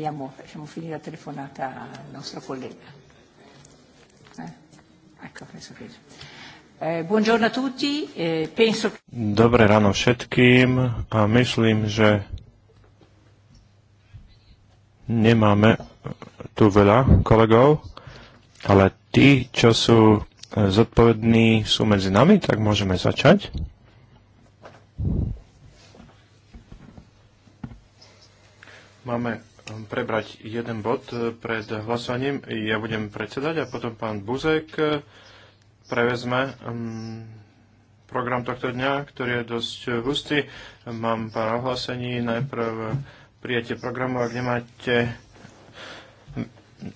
chiamo, facciamo finire la telefonata al nostro collega. Eh? Ecco, penso che... Eh, buongiorno a tutti, eh, penso... Dobré ráno všetkým a myslím, že nemáme tu veľa kolegov, ale tí, čo sú eh, zodpovední, sú medzi nami, tak môžeme začať. Máme prebrať jeden bod e, pred hlasovaním. Ja budem predsedať a potom pán Buzek e, prevezme mm, program tohto dňa, ktorý je dosť hustý. Mám pár ohlásení. Najprv prijatie programu, ak nemáte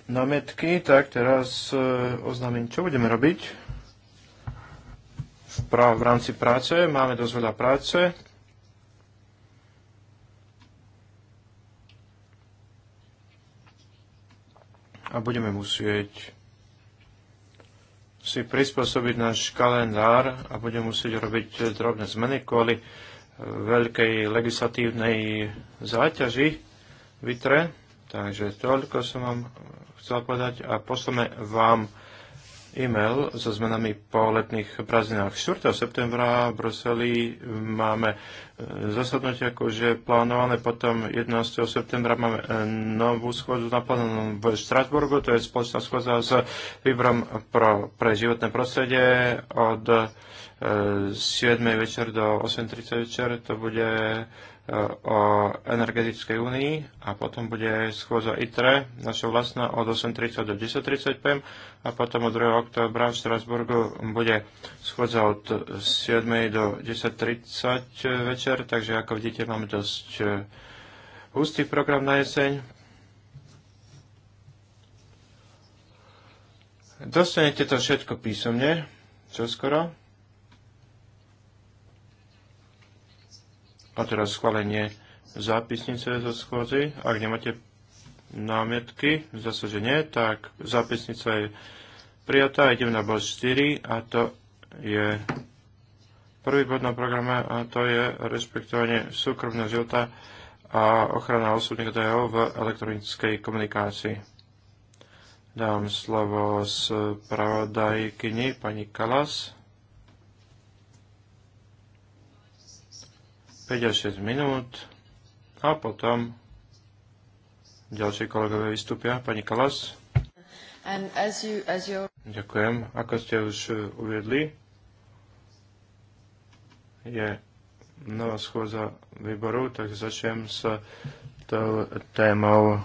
námetky, tak teraz e, oznámim, čo budeme robiť. V, v rámci práce máme dosť veľa práce a budeme musieť si prispôsobiť náš kalendár a budeme musieť robiť drobné zmeny kvôli eh, veľkej legislatívnej záťaži vitre. Takže toľko som vám chcel povedať a poslame vám e-mail so zmenami po letných prázdninách. 4. septembra v Bruseli máme e, zasadnúť akože plánované, potom 11. septembra máme e, novú schôdzu naplánovanú v Štrasburgu, to je spoločná schôdza s výborom pro, pre životné prostredie od 7. E, večer do 8.30 večer, to bude Eh, o energetickej únii a potom bude schôdza ITRE, naša vlastná od 8.30 do 10.30 pm a potom od 2. oktobra v Strasburgu bude schôdza od 7. do 10.30 večer, takže ako vidíte máme dosť eh, hustý program na jeseň. Dostanete to všetko písomne, čo skoro. A teraz schválenie zápisnice zo schôdzi. Ak nemáte námietky, zase, že nie, tak zápisnica je prijatá. Idem na bod 4 a to je prvý bod na programe a to je respektovanie súkromného života a ochrana osobných údajov v elektronickej komunikácii. Dám slovo spravodajkyni pani Kalas. 5 až 6 minút a potom ďalšie kolegové vystúpia. Pani Kalas. And as you, as your... Ďakujem. Ako ste už eh, uviedli, je nová schôza výboru, tak začnem s tou témou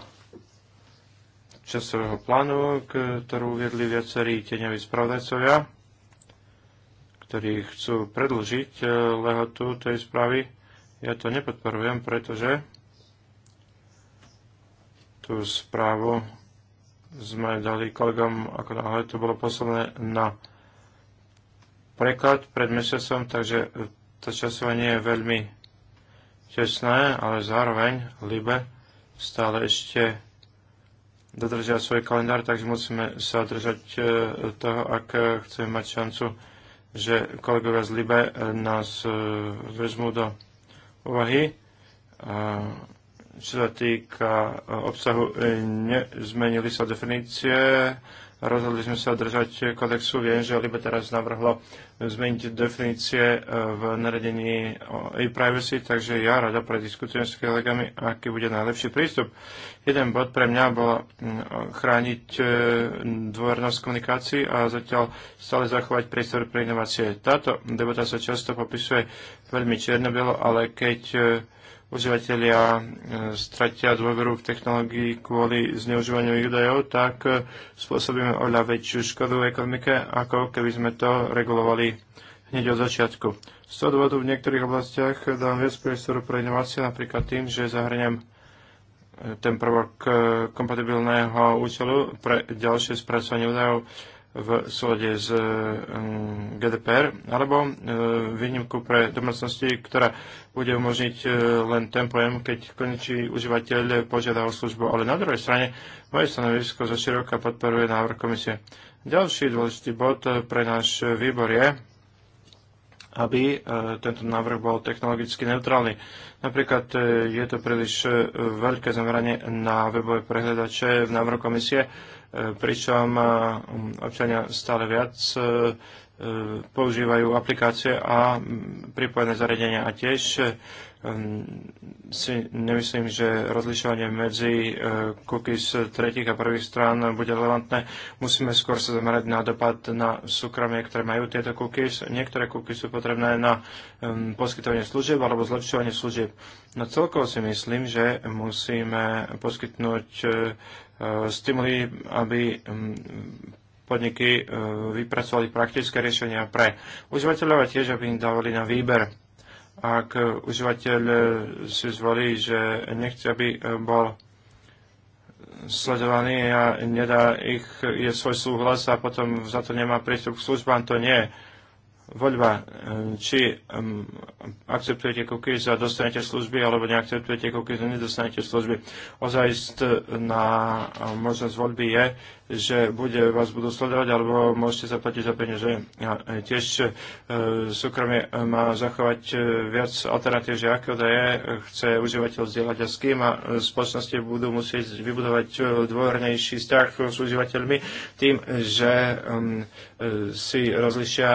časového plánu, ktorú uviedli viacerí tieňoví spravodajcovia, ktorí chcú predlžiť eh, lehotu tej správy ja to nepodporujem, pretože tú správu sme dali kolegom, ako náhle to bolo poslané na preklad pred mesiacom, takže to časovanie je veľmi tesné, ale zároveň Libe stále ešte dodržia svoj kalendár, takže musíme sa držať e, toho, ak chceme mať šancu, že kolegovia z Libe nás e, vezmú do povahy. Čo sa týka obsahu, e, nezmenili sa definície Rozhodli sme sa držať kodexu. Viem, že Libe teraz navrhlo zmeniť definície e, v naredení e-privacy, takže ja rada prediskutujem s kolegami, aký bude najlepší prístup. Jeden bod pre mňa bol chrániť e, dôvernosť komunikácií a zatiaľ stále zachovať priestor pre inovácie. Táto debata sa často popisuje veľmi čierno-bielo, ale keď e, užívateľia e, stratia dôveru v technológii kvôli zneužívaniu ich údajov, tak e, spôsobíme oľa väčšiu škodu v ekonomike, ako keby sme to regulovali hneď od začiatku. Z toho dôvodu v niektorých oblastiach dám viac priestoru pre inovácie, napríklad tým, že zahrňam e, ten prvok kompatibilného účelu pre ďalšie spracovanie údajov v súlade s mm, GDPR, alebo e, výnimku pre domácnosti, ktorá bude umožniť e, len pojem, keď konečný užívateľ požiada o službu. Ale na druhej strane moje stanovisko za široka podporuje návrh komisie. Ďalší dôležitý bod e, pre náš výbor je, aby tento návrh bol technologicky neutrálny. Napríklad je to príliš veľké zameranie na webové prehľadače v návrhu komisie, pričom občania stále viac e, e, používajú aplikácie a pripojené zariadenia a tiež e, si nemyslím, že rozlišovanie medzi cookies tretich a prvých strán bude relevantné. Musíme skôr sa zamerať na dopad na súkromie, ktoré majú tieto cookies. Niektoré cookies sú potrebné na poskytovanie služieb alebo zlepšovanie služieb. No celkovo si myslím, že musíme poskytnúť stimuli, aby mm, podniky e, vypracovali praktické riešenia pre užívateľov a tiež, aby im dávali na výber. Ak užívateľ e, si zvolí, že nechce, aby e, bol sledovaný a nedá ich, je svoj súhlas a potom za to nemá prístup k službám, to nie je voľba, e, či um, akceptujete cookies a dostanete služby, alebo neakceptujete cookies a nedostanete služby. na e, možnosť voľby je že bude, vás budú sledovať, alebo môžete zaplatiť za peniaze. A e, tiež e, súkromie e, má zachovať e, viac alternatív, že aké je, chce užívateľ vzdielať a s kým a spoločnosti budú musieť vybudovať dôvernejší vzťah s užívateľmi tým, že e, si rozlišia,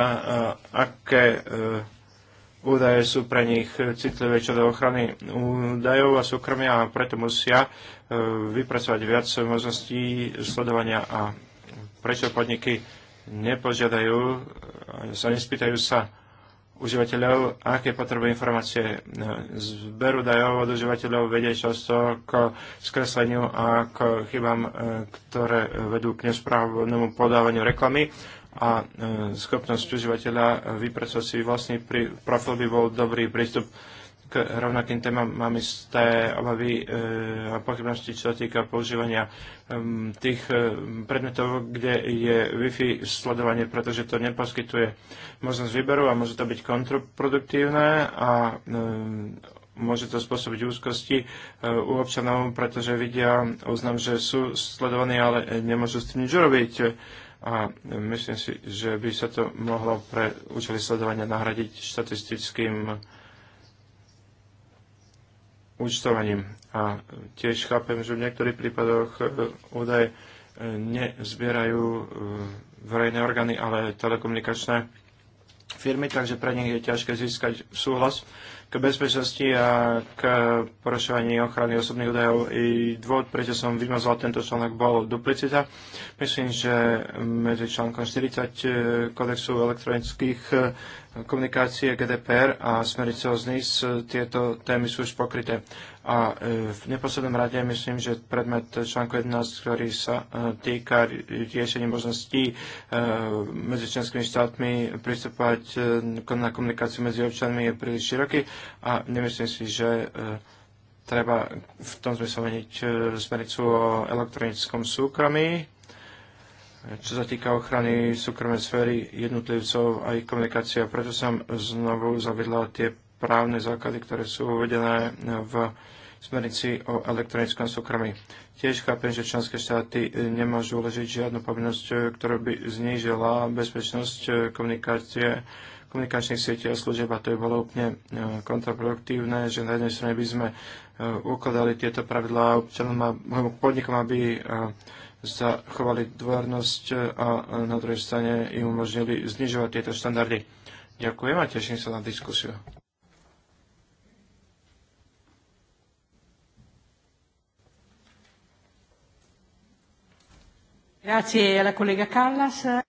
aké e, údaje sú pre nich citlivé čo do ochrany údajov a súkromia a preto musia e, vypracovať viac možností sledovania a prečo podniky nepožiadajú, e, sa nespýtajú sa užívateľov, aké potrebujú informácie. E, Zberu dajov od užívateľov vedie často k skresleniu a k chybám, ktoré vedú k nesprávnemu podávaniu reklamy a e, schopnosť užívateľa vypracovať si vlastný profil by bol dobrý prístup k rovnakým témam mám isté obavy e, a pochybnosti, čo sa týka používania e, tých predmetov, kde je Wi-Fi sledovanie, pretože to neposkytuje možnosť výberu a môže to byť kontraproduktívne a môže to spôsobiť úzkosti u občanov, pretože vidia, uznám, že sú sledovaní, ale nemôžu s tým nič urobiť a myslím si, že by sa to mohlo pre účely sledovania nahradiť štatistickým účtovaním. A tiež chápem, že v niektorých prípadoch e, údaje e, nezbierajú e, verejné orgány, ale telekomunikačné firmy, takže pre nich je ťažké získať súhlas k bezpečnosti a k porušovaní ochrany osobných údajov. I dôvod, prečo som vymazal tento článok, bol duplicita. Myslím, že medzi článkom 40 eh, kodexu elektronických eh, komunikácie GDPR a smernice o ZNIS, tieto témy sú už pokryté. A e, v neposlednom rade myslím, že predmet článku 11, ktorý sa e, týka riešenia možností e, medzi členskými štátmi pristupovať na komunikáciu medzi občanmi je príliš široký a nemyslím si, že treba v tom zmysle meniť smernicu o elektronickom súkromí čo sa týka ochrany súkromnej sféry jednotlivcov a aj komunikácia. Preto som znovu zavedla tie právne základy, ktoré sú uvedené v smernici o elektronickom súkromí. Tiež chápem, že členské štáty nemôžu uležiť žiadnu povinnosť, ktorá by znížila bezpečnosť komunikácie komunikačných sietí a služieb a to je bolo úplne eh, kontraproduktívne, že na jednej strane by sme eh, ukladali tieto pravidlá občanom a podnikom, aby eh, zachovali dvornosť e, a na druhej strane im umožnili znižovať tieto štandardy. Ďakujem a teším sa na diskusiu.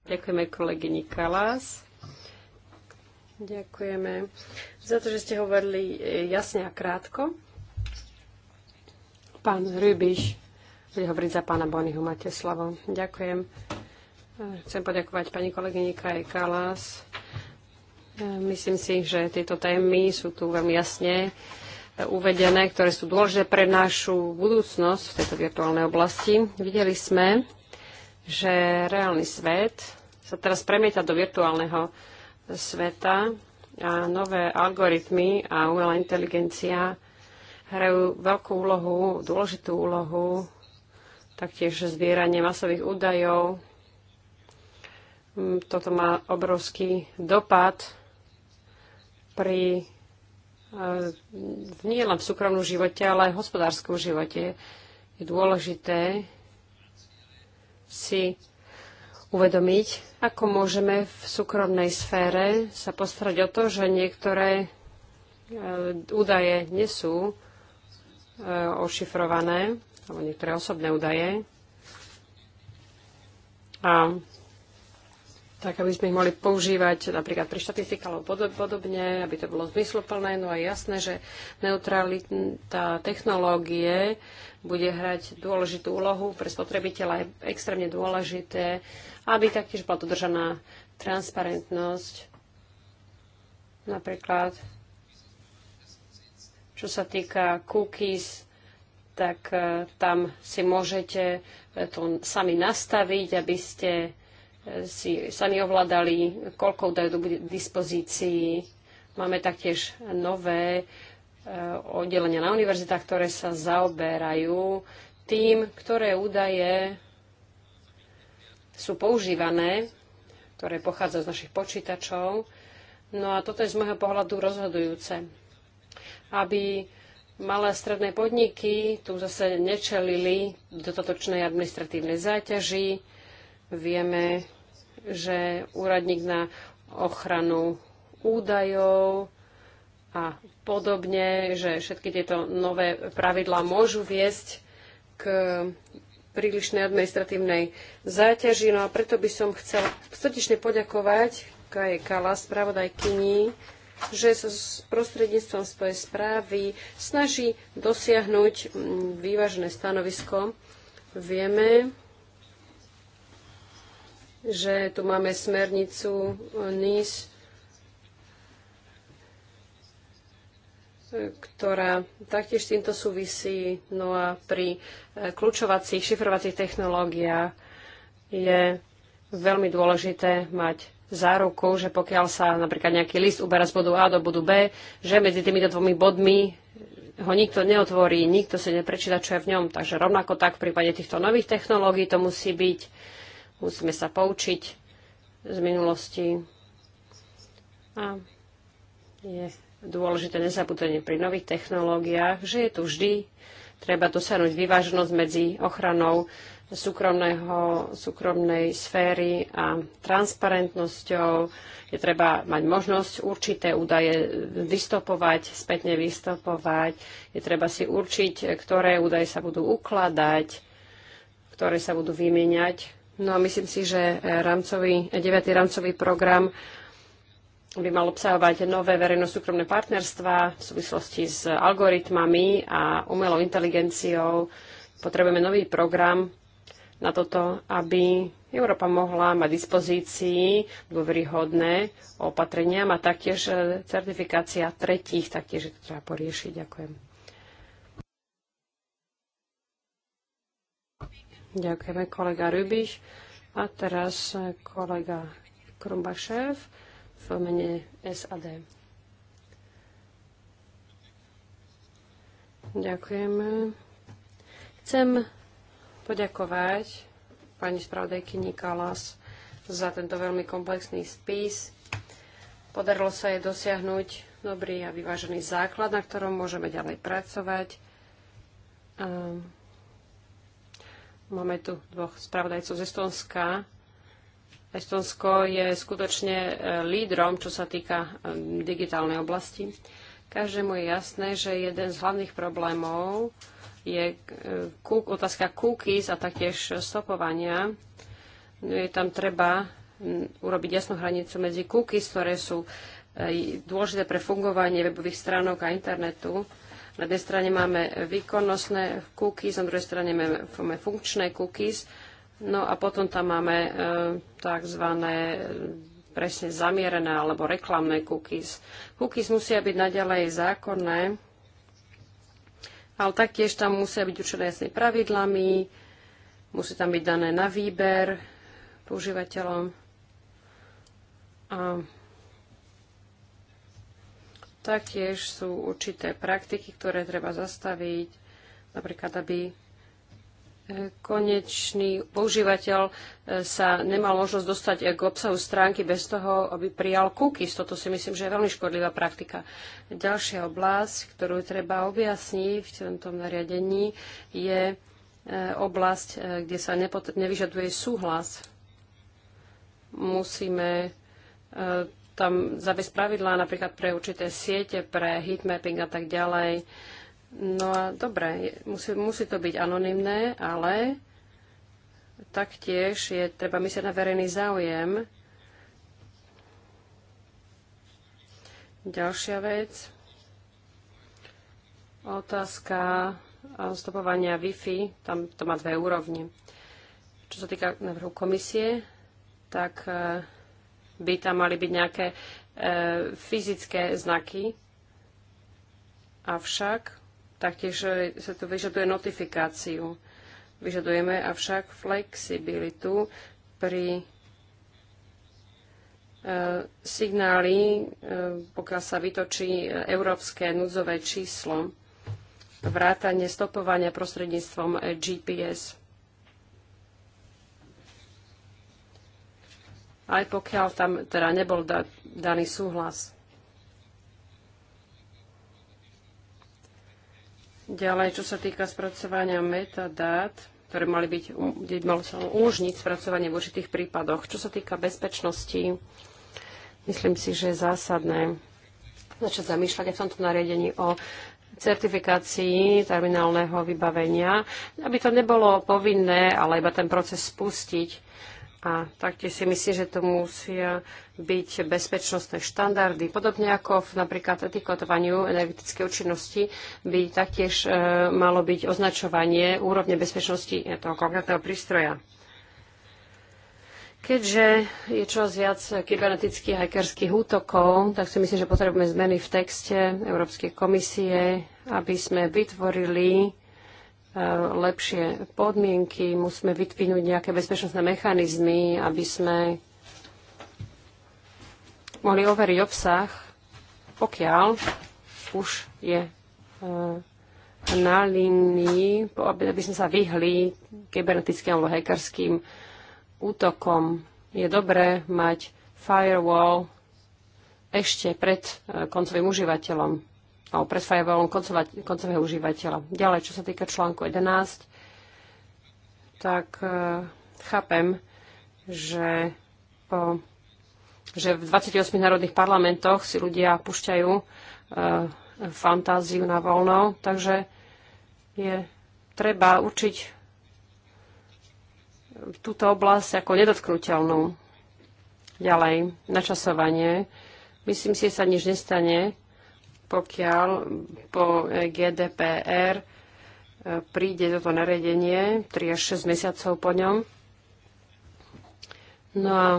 Ďakujeme kolegyni Kallas. Ďakujeme za to, že ste hovorili e, jasne a krátko. Pán Rybiš, prihovoriť za pána Bonyho, Mateslavo. slovo. Ďakujem. Chcem poďakovať pani kolegyni Kaj Kalas. Myslím si, že tieto témy sú tu veľmi jasne uvedené, ktoré sú dôležité pre našu budúcnosť v tejto virtuálnej oblasti. Videli sme, že reálny svet sa teraz premieta do virtuálneho sveta a nové algoritmy a umelá inteligencia hrajú veľkú úlohu, dôležitú úlohu taktiež zbieranie masových údajov. Mm, toto má obrovský dopad pri e, nie len v súkromnom živote, ale aj v hospodárskom živote. Je dôležité si uvedomiť, ako môžeme v súkromnej sfére sa postarať o to, že niektoré e, údaje nie sú e, ošifrované alebo niektoré osobné údaje. A tak, aby sme ich mohli používať napríklad pri štatistike alebo podobne, aby to bolo zmysluplné. No a jasné, že neutralita technológie bude hrať dôležitú úlohu pre spotrebiteľa, je extrémne dôležité, aby taktiež bola dodržaná transparentnosť. Napríklad, čo sa týka cookies, tak e, tam si môžete e, to sami nastaviť, aby ste e, si sami ovládali, koľko údajov do dispozícii. Máme taktiež nové oddelenia na univerzitách, ktoré sa zaoberajú tým, ktoré údaje sú používané, ktoré pochádzajú z našich počítačov. No a toto je z môjho pohľadu rozhodujúce, aby malé a stredné podniky tu zase nečelili dodatočnej administratívnej záťaži. Vieme, že úradník na ochranu údajov a podobne, že všetky tieto nové pravidlá môžu viesť k prílišnej administratívnej záťaži. No a preto by som chcel srdečne poďakovať Kaje Kala, spravodajkyni, že sa s prostredníctvom svojej správy snaží dosiahnuť mm, vyvážené stanovisko. Vieme, že tu máme smernicu NIS, ktorá taktiež s týmto súvisí. No a pri eh, kľúčovacích, šifrovacích technológiách je veľmi dôležité mať záruku, že pokiaľ sa napríklad nejaký list uberá z bodu A do bodu B, že medzi týmito dvomi bodmi ho nikto neotvorí, nikto si neprečíta, čo je v ňom. Takže rovnako tak v prípade týchto nových technológií to musí byť. Musíme sa poučiť z minulosti. A je dôležité nezabudenie pri nových technológiách, že je tu vždy treba dosiahnuť vyváženosť medzi ochranou súkromného, súkromnej sféry a transparentnosťou. Je treba mať možnosť určité údaje vystopovať, spätne vystopovať. Je treba si určiť, ktoré údaje sa budú ukladať, ktoré sa budú vymieňať. No a myslím si, že rámcový, 9. rámcový program by mal obsahovať nové verejno-súkromné partnerstva v súvislosti s algoritmami a umelou inteligenciou. Potrebujeme nový program, na toto, aby Európa mohla mať dispozícii dôveryhodné opatrenia a taktiež e, certifikácia tretích, taktiež je to treba poriešiť. Ďakujem. Ďakujeme kolega Rubiš a teraz e, kolega Krumbašev v mene SAD. Ďakujeme. Chcem poďakovať pani spravodajky Kalas za tento veľmi komplexný spis. Podarilo sa jej dosiahnuť dobrý a vyvážený základ, na ktorom môžeme ďalej pracovať. Ehm, máme tu dvoch spravodajcov z Estonska. Estonsko je skutočne e, lídrom, čo sa týka ehm, digitálnej oblasti. Každému je jasné, že jeden z hlavných problémov, je kuk, otázka cookies a taktiež stopovania. No, je tam treba urobiť jasnú hranicu medzi cookies, ktoré sú e, dôležité pre fungovanie webových stránok a internetu. Na jednej strane máme výkonnostné cookies, na druhej strane máme funkčné cookies, no a potom tam máme e, tzv presne zamierené alebo reklamné cookies. Cookies musia byť naďalej zákonné, ale taktiež tam musia byť určené jasné pravidlami, musí tam byť dané na výber používateľom. A taktiež sú určité praktiky, ktoré treba zastaviť, napríklad aby konečný používateľ e, sa nemal možnosť dostať e, k obsahu stránky bez toho, aby prijal cookies. Toto si myslím, že je veľmi škodlivá praktika. Ďalšia oblasť, ktorú treba objasniť v tomto nariadení, je e, oblasť, kde sa nevyžaduje súhlas. Musíme tam zaviesť pravidlá napríklad pre určité siete, pre heatmapping a tak ďalej No a dobre, musí, musí to byť anonymné, ale taktiež je treba myslieť na verejný záujem. Ďalšia vec. Otázka stopovania Wi-Fi. Tam to má dve úrovne. Čo sa týka návrhu komisie, tak e, by tam mali byť nejaké e, fyzické znaky. Avšak Taktiež eh, sa tu vyžaduje notifikáciu. Vyžadujeme avšak flexibilitu pri eh, signály, eh, pokiaľ sa vytočí európske núdzové číslo, vrátanie stopovania prostredníctvom GPS. Aj pokiaľ tam teda nebol daný súhlas. Ďalej, čo sa týka spracovania metadát, ktoré mali byť, kde mal sa umožniť spracovanie v určitých prípadoch. Čo sa týka bezpečnosti, myslím si, že je zásadné začať zamýšľať aj v tomto nariadení o certifikácii terminálneho vybavenia, aby to nebolo povinné, ale iba ten proces spustiť. A taktiež si myslím, že to musia byť bezpečnostné štandardy. Podobne ako v napríklad etikotovaniu energetickej účinnosti by taktiež e, malo byť označovanie úrovne bezpečnosti toho konkrétneho prístroja. Keďže je čoraz viac kybernetických hackerských útokov, tak si myslím, že potrebujeme zmeny v texte Európskej komisie, aby sme vytvorili lepšie podmienky, musíme vytvinúť nejaké bezpečnostné mechanizmy, aby sme mohli overiť obsah, pokiaľ už je e, na línii, aby sme sa vyhli kybernetickým alebo hackerským útokom. Je dobré mať firewall ešte pred e, koncovým užívateľom alebo predfajrovalom koncového užívateľa. Ďalej, čo sa týka článku 11, tak e, chápem, že, po, že v 28 národných parlamentoch si ľudia pušťajú e, fantáziu na voľno, takže je treba určiť túto oblasť ako nedotknutelnú. Ďalej, načasovanie. Myslím si, že sa nič nestane, pokiaľ po e, GDPR e, príde toto naredenie 3 až 6 mesiacov po ňom. No a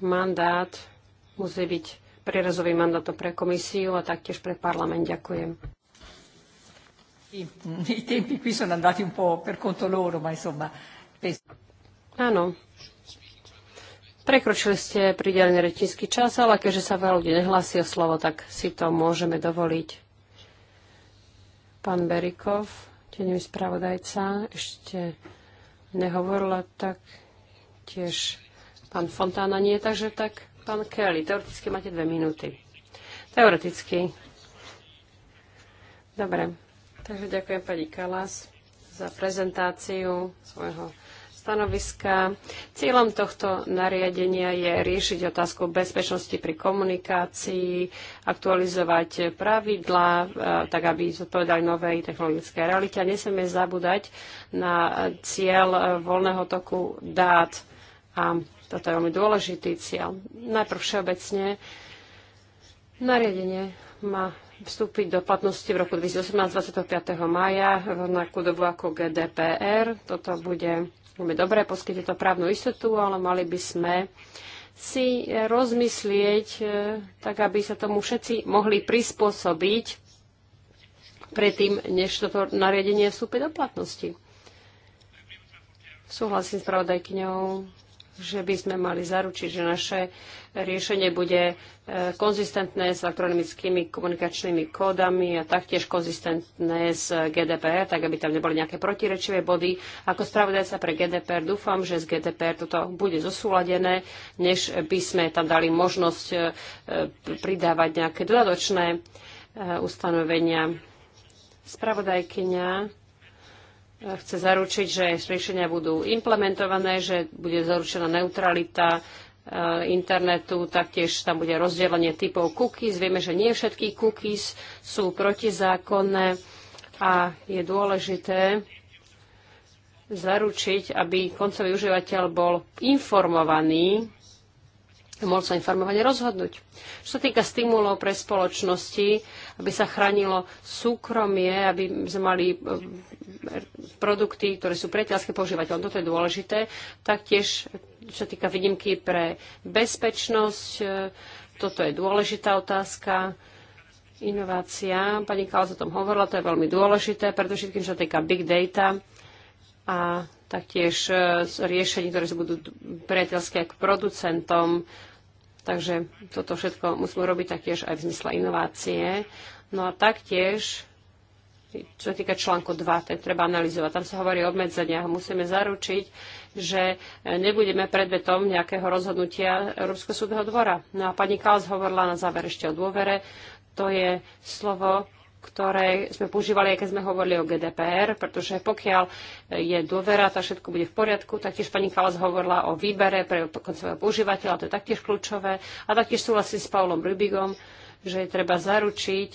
mandát musí byť prirazový mandát pre komisiu a taktiež pre parlament. Ďakujem. I tempi qui sono andati un po' per conto loro, ma insomma... Áno, Prekročili ste pridelený rečnícky čas, ale keďže sa veľa ľudí nehlási o slovo, tak si to môžeme dovoliť. Pán Berikov, tenivý spravodajca, ešte nehovorila, tak tiež pán Fontána nie, takže tak pán Kelly, teoreticky máte dve minúty. Teoreticky. Dobre, takže ďakujem pani Kalas za prezentáciu svojho stanoviska. Cieľom tohto nariadenia je riešiť otázku bezpečnosti pri komunikácii, aktualizovať pravidlá, e, tak aby zodpovedali novej technologické realite. A nesmieme zabúdať na cieľ voľného toku dát. A toto je veľmi dôležitý cieľ. Najprv všeobecne nariadenie má vstúpiť do platnosti v roku 2018 25. mája, rovnakú dobu ako GDPR. Toto bude Vieme, dobre, poskytne to právnu istotu, ale mali by sme si rozmyslieť, e, tak aby sa tomu všetci mohli prispôsobiť predtým, než toto nariadenie vstúpi do platnosti. Súhlasím s pravodajkyňou že by sme mali zaručiť, že naše riešenie bude e, konzistentné s elektronickými komunikačnými kódami a taktiež konzistentné s GDPR, tak aby tam neboli nejaké protirečivé body. Ako spravodajca pre GDPR dúfam, že z GDPR toto bude zosúladené, než by sme tam dali možnosť e, pridávať nejaké dodatočné e, ustanovenia. Spravodajkyňa chce zaručiť, že riešenia budú implementované, že bude zaručená neutralita e, internetu, taktiež tam bude rozdelenie typov cookies. Vieme, že nie všetky cookies sú protizákonné a je dôležité zaručiť, aby koncový užívateľ bol informovaný a mohol sa informovane rozhodnúť. Čo sa týka stimulov pre spoločnosti, aby sa chránilo súkromie, aby sme mali e, produkty, ktoré sú priateľské používateľom. Toto je dôležité. Taktiež, čo týka výnimky pre bezpečnosť, e, toto je dôležitá otázka. Inovácia, pani Kalas o tom hovorila, to je veľmi dôležité, všetkým, čo týka big data a taktiež e, riešení, ktoré sa budú priateľské k producentom, Takže toto všetko musíme robiť taktiež aj v zmysle inovácie. No a taktiež, čo sa týka článku 2, ten treba analyzovať. Tam sa hovorí o obmedzeniach. Musíme zaručiť, že nebudeme predmetom nejakého rozhodnutia Európskeho súdneho dvora. No a pani Kals hovorila na záver ešte o dôvere. To je slovo, ktoré sme používali, aj keď sme hovorili o GDPR, pretože pokiaľ je dôvera, tak všetko bude v poriadku. Taktiež pani Kalas hovorila o výbere pre koncového používateľa, to je taktiež kľúčové. A taktiež súhlasím s Paulom Rubigom, že je treba zaručiť,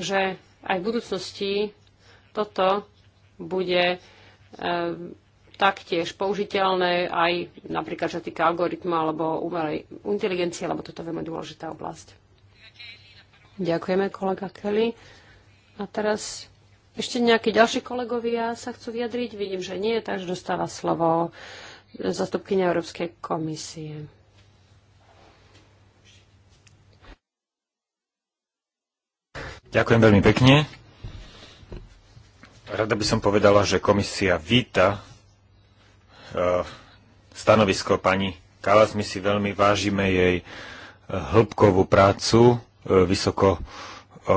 že aj v budúcnosti toto bude e, taktiež použiteľné aj napríklad, čo týka algoritmu alebo umelej inteligencie, lebo toto je veľmi dôležitá oblasť. Ďakujeme, kolega Kelly. A teraz ešte nejakí ďalší kolegovia sa chcú vyjadriť. Vidím, že nie, takže dostáva slovo zastupkynia Európskej komisie. Ďakujem veľmi pekne. Rada by som povedala, že komisia víta e, stanovisko pani Kalas. My si veľmi vážime jej e, hĺbkovú prácu E, vysoko e,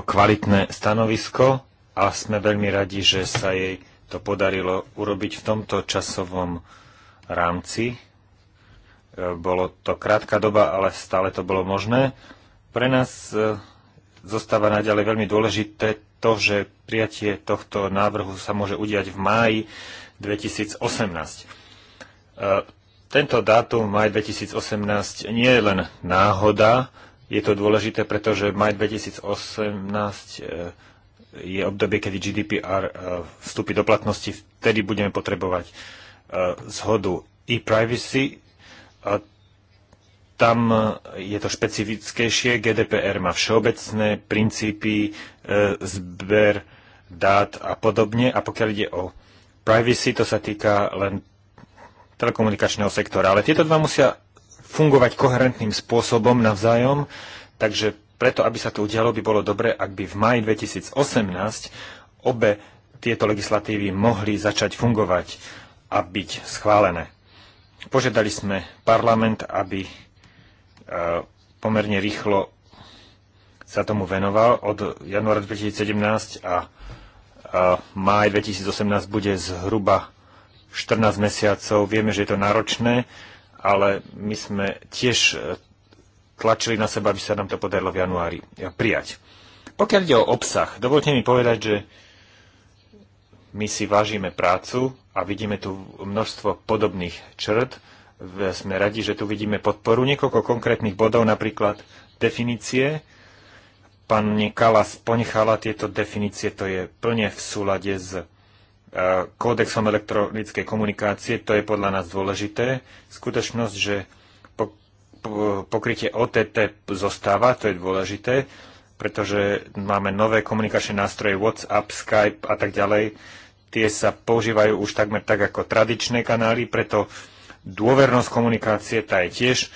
kvalitné stanovisko a sme veľmi radi, že sa jej to podarilo urobiť v tomto časovom rámci. E, bolo to krátka doba, ale stále to bolo možné. Pre nás zostáva naďalej veľmi dôležité to, že prijatie tohto návrhu sa môže udiať v máji 2018. Tento dátum maj 2018 nie je len náhoda, je to dôležité, pretože maj 2018 e, je obdobie, kedy GDPR e, vstúpi do platnosti. Vtedy budeme potrebovať e, zhodu e-privacy. Tam je to špecifickejšie. GDPR má všeobecné princípy, zber dát a podobne. A pokiaľ ide o privacy, to sa týka len telekomunikačného sektora. Ale tieto dva musia fungovať koherentným spôsobom navzájom, takže preto, aby sa to udialo, by bolo dobre, ak by v maji 2018 obe tieto legislatívy mohli začať fungovať a byť schválené. Požiadali sme parlament, aby e, pomerne rýchlo sa tomu venoval od januára 2017 a e, máj 2018 bude zhruba 14 mesiacov. Vieme, že je to náročné, ale my sme tiež e, tlačili na seba, aby sa nám to podarilo v januári e, prijať. Pokiaľ ide o obsah, dovolte mi povedať, že my si vážime prácu a vidíme tu množstvo podobných črt. Sme radi, že tu vidíme podporu niekoľko konkrétnych bodov, napríklad definície. Pán Kalas ponechala tieto definície, to je plne v súlade s kódexom elektronickej komunikácie, to je podľa nás dôležité. Skutočnosť, že pokrytie OTT zostáva, to je dôležité, pretože máme nové komunikačné nástroje WhatsApp, Skype a tak ďalej. Tie sa používajú už takmer tak ako tradičné kanály, preto dôvernosť komunikácie tá je tiež e,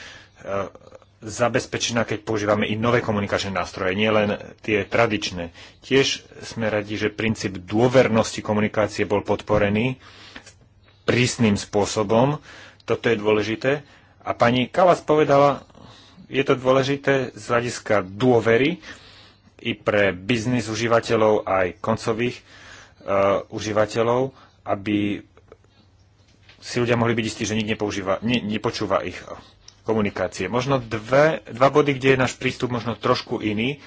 zabezpečená, keď používame i nové komunikačné nástroje, nielen tie tradičné. Tiež sme radi, že princíp dôvernosti komunikácie bol podporený prísnym spôsobom. Toto je dôležité. A pani Kalas povedala, je to dôležité z hľadiska dôvery i pre biznis užívateľov, aj koncových uh, užívateľov, aby si ľudia mohli byť istí, že nikto ne, nepočúva ich komunikácie. Možno dve, dva body, kde je náš prístup možno trošku iný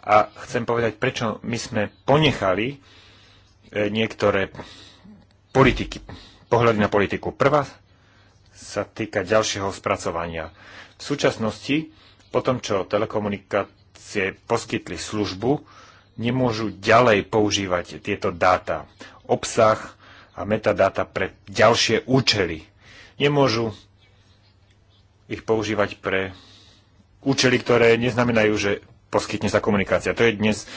a chcem povedať, prečo my sme ponechali e, niektoré politiky, pohľady na politiku. Prvá sa týka ďalšieho spracovania. V súčasnosti, po tom, čo telekomunikácie poskytli službu, nemôžu ďalej používať tieto dáta, obsah a metadáta pre ďalšie účely. Nemôžu ich používať pre účely, ktoré neznamenajú, že poskytne sa komunikácia. To je dnes,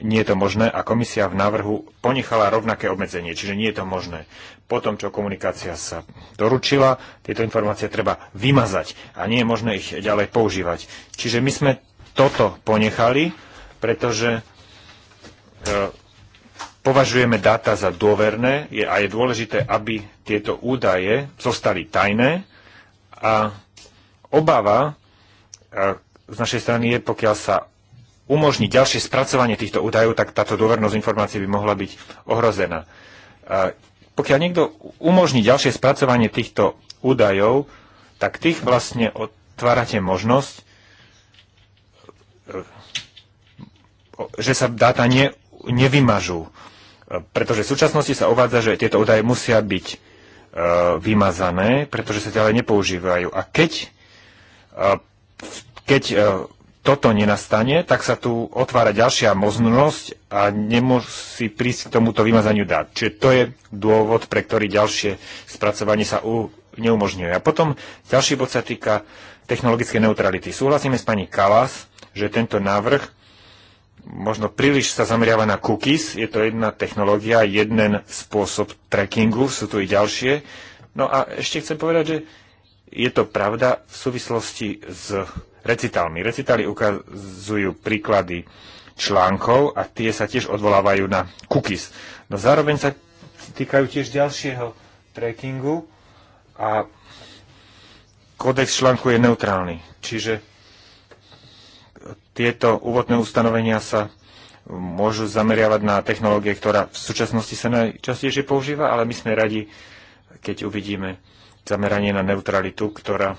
nie je to možné a komisia v návrhu ponechala rovnaké obmedzenie, čiže nie je to možné. Po tom, čo komunikácia sa doručila, tieto informácie treba vymazať a nie je možné ich ďalej používať. Čiže my sme toto ponechali, pretože e, považujeme dáta za dôverné je, a je dôležité, aby tieto údaje zostali tajné a obava e, z našej strany je, pokiaľ sa umožní ďalšie spracovanie týchto údajov, tak táto dôvernosť informácií by mohla byť ohrozená. E, pokiaľ niekto umožní ďalšie spracovanie týchto údajov, tak tých vlastne otvárate možnosť, e, že sa dáta ne, nevymažú. Pretože v súčasnosti sa uvádza, že tieto údaje musia byť vymazané, pretože sa ďalej nepoužívajú. A keď keď e, toto nenastane, tak sa tu otvára ďalšia možnosť a nemusí prísť k tomuto vymazaniu dát. Čiže to je dôvod, pre ktorý ďalšie spracovanie sa u, neumožňuje. A potom ďalší bod sa týka technologickej neutrality. Súhlasíme s pani Kalas, že tento návrh možno príliš sa zameriava na cookies. Je to jedna technológia, jeden spôsob trackingu, sú tu i ďalšie. No a ešte chcem povedať, že je to pravda v súvislosti s recitálmi. Recitály ukazujú príklady článkov a tie sa tiež odvolávajú na cookies. No zároveň sa týkajú tiež ďalšieho trackingu a kódex článku je neutrálny. Čiže tieto úvodné ustanovenia sa môžu zameriavať na technológie, ktorá v súčasnosti sa najčastejšie používa, ale my sme radi, keď uvidíme zameranie na neutralitu, ktorá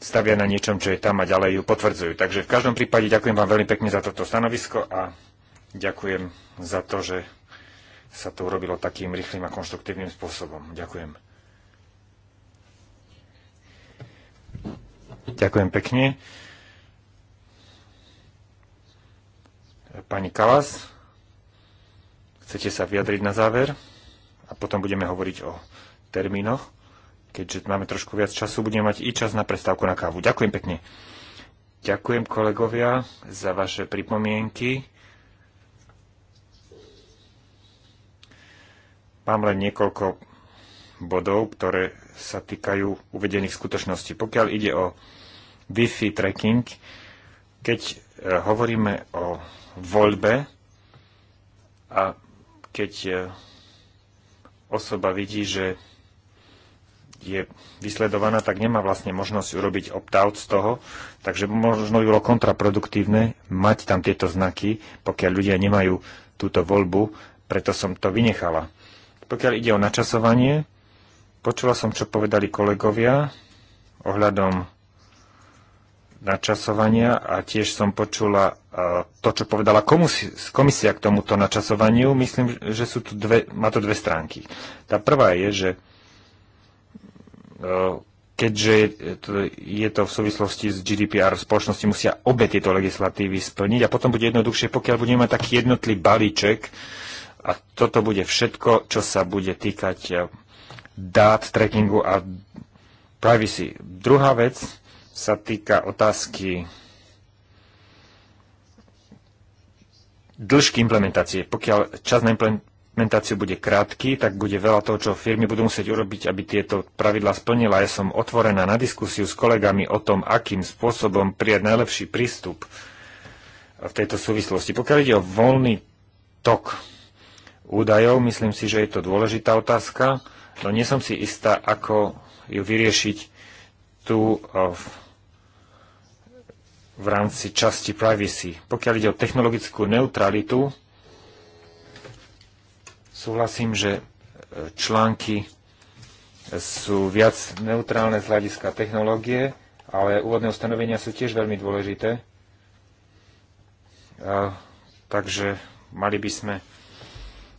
stavia na niečom, čo je tam a ďalej ju potvrdzujú. Takže v každom prípade ďakujem vám veľmi pekne za toto stanovisko a ďakujem za to, že sa to urobilo takým rýchlým a konštruktívnym spôsobom. Ďakujem. Ďakujem pekne. Pani Kalas, chcete sa vyjadriť na záver? A potom budeme hovoriť o termínoch keďže máme trošku viac času, budeme mať i čas na prestávku na kávu. Ďakujem pekne. Ďakujem kolegovia za vaše pripomienky. Mám len niekoľko bodov, ktoré sa týkajú uvedených skutočností. Pokiaľ ide o Wi-Fi tracking, keď e, hovoríme o voľbe a keď e, osoba vidí, že je vysledovaná, tak nemá vlastne možnosť urobiť opt-out z toho, takže možno by bolo kontraproduktívne mať tam tieto znaky, pokiaľ ľudia nemajú túto voľbu, preto som to vynechala. Pokiaľ ide o načasovanie, počula som, čo povedali kolegovia ohľadom načasovania a tiež som počula e, to, čo povedala komisia k tomuto načasovaniu. Myslím, že sú tu dve, má to dve stránky. Tá prvá je, že Eh, keďže je to v súvislosti s GDPR, spoločnosti musia obe tieto legislatívy splniť a potom bude jednoduchšie, pokiaľ budeme mať taký jednotlý balíček a toto bude všetko, čo sa bude týkať eh, dát, trackingu a privacy. Druhá vec sa týka otázky dĺžky implementácie. Pokiaľ čas na implement implementáciu bude krátky, tak bude veľa toho, čo firmy budú musieť urobiť, aby tieto pravidlá splnila. Ja som otvorená na diskusiu s kolegami o tom, akým spôsobom prijať najlepší prístup v tejto súvislosti. Pokiaľ ide o voľný tok údajov, myslím si, že je to dôležitá otázka, no nie som si istá, ako ju vyriešiť tu eh, v, v rámci časti privacy. Pokiaľ ide o technologickú neutralitu, Súhlasím, že e, články sú viac neutrálne z hľadiska technológie, ale úvodné ustanovenia sú tiež veľmi dôležité. E, takže mali by sme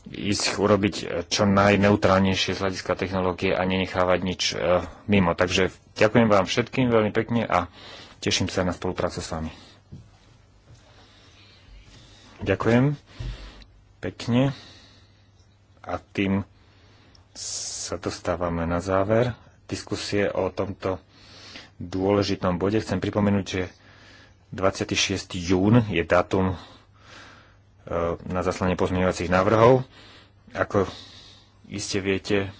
ísť urobiť e, čo najneutrálnejšie z hľadiska technológie a nenechávať nič mimo. Takže ďakujem vám všetkým veľmi pekne a teším sa na spoluprácu s vami. Ďakujem pekne. A tým sa dostávame na záver diskusie o tomto dôležitom bode. Chcem pripomenúť, že 26. jún je dátum e, na zaslanie pozmeňovacích návrhov. Ako iste viete,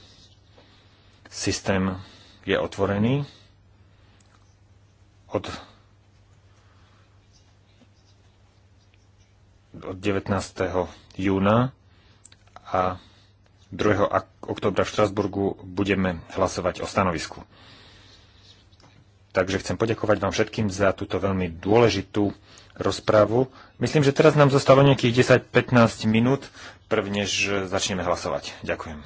systém je otvorený od, od 19. júna a 2. oktobra v Štrasburgu budeme hlasovať o stanovisku. Takže chcem poďakovať vám všetkým za túto veľmi dôležitú rozpravu. Myslím, že teraz nám zostalo nejakých 10-15 minút, prvnež e, začneme hlasovať. Ďakujem.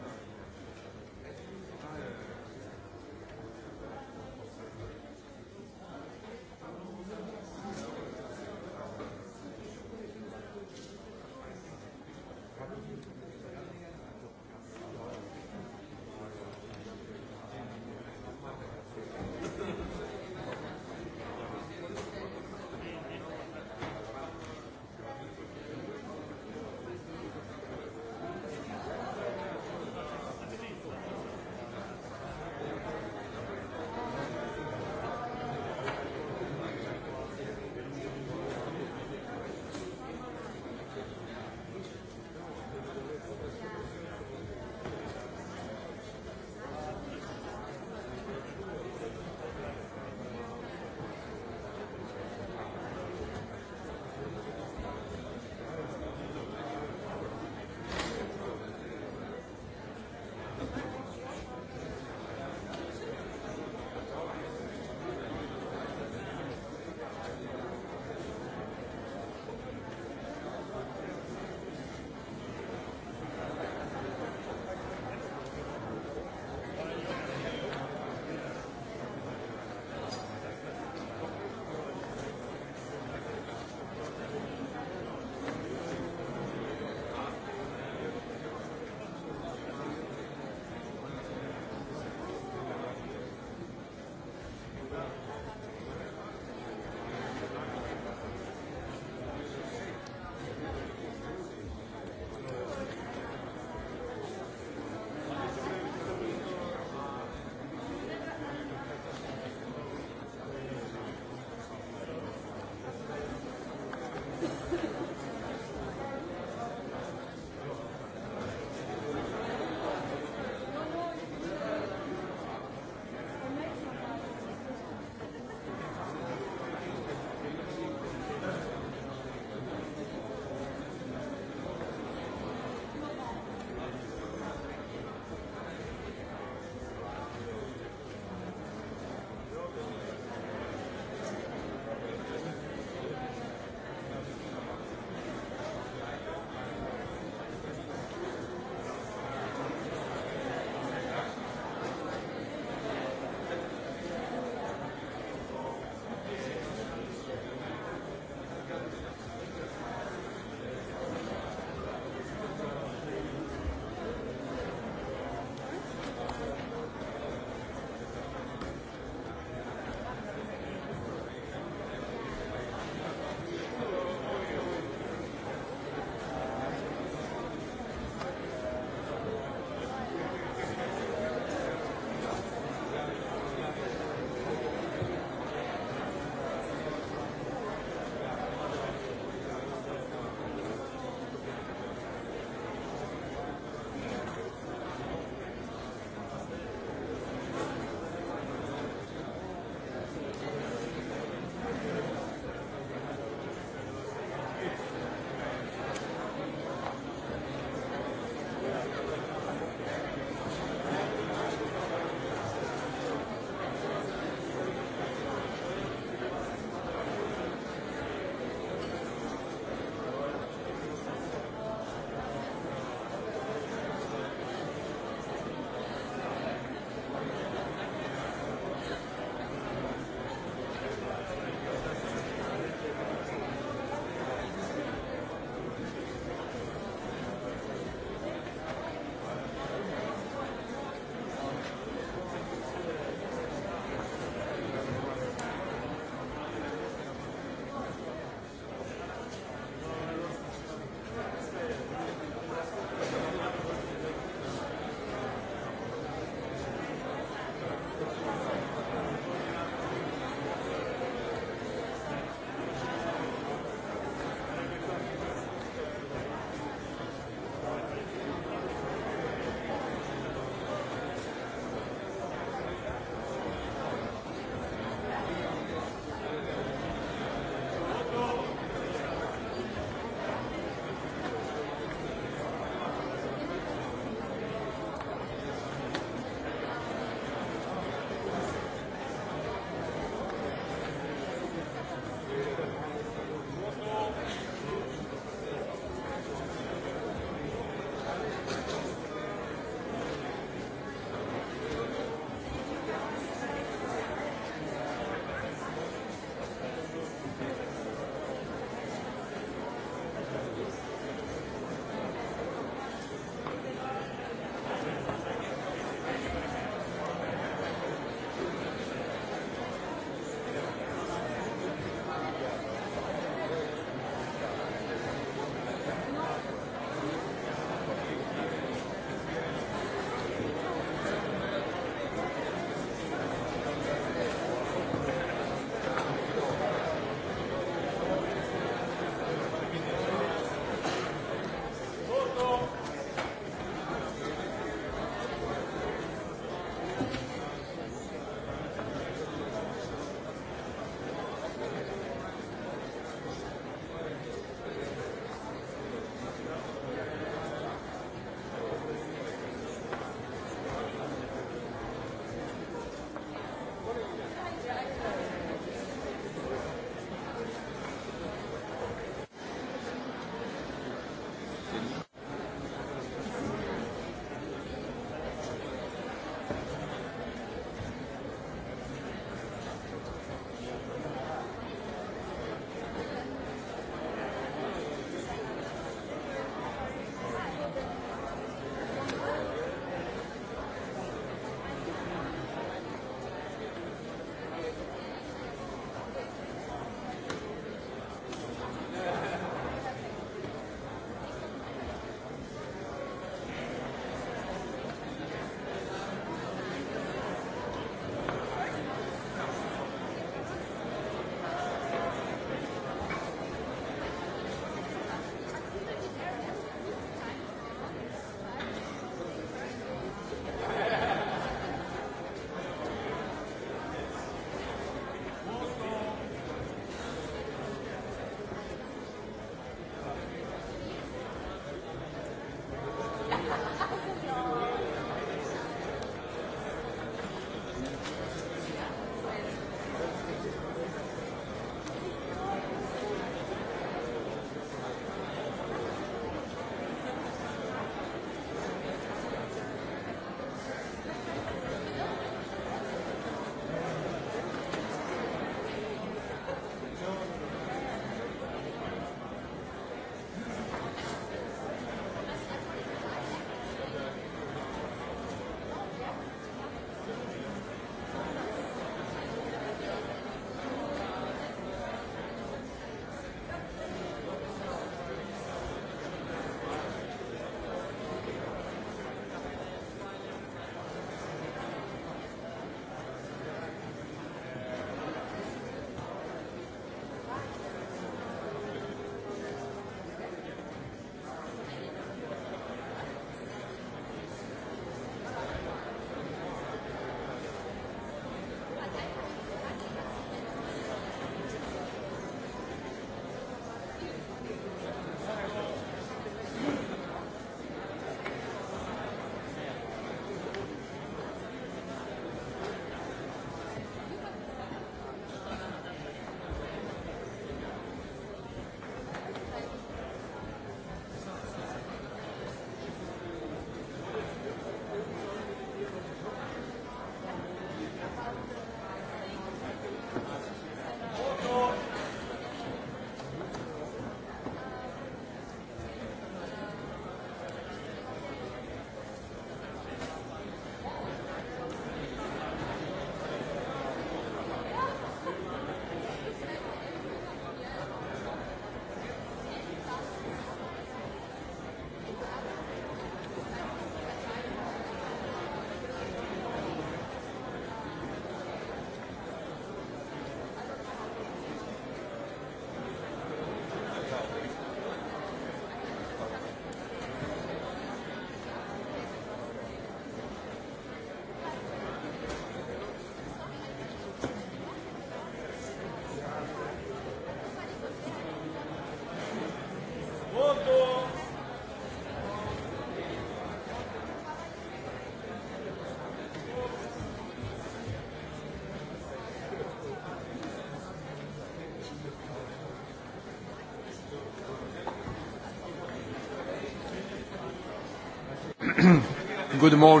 Uh,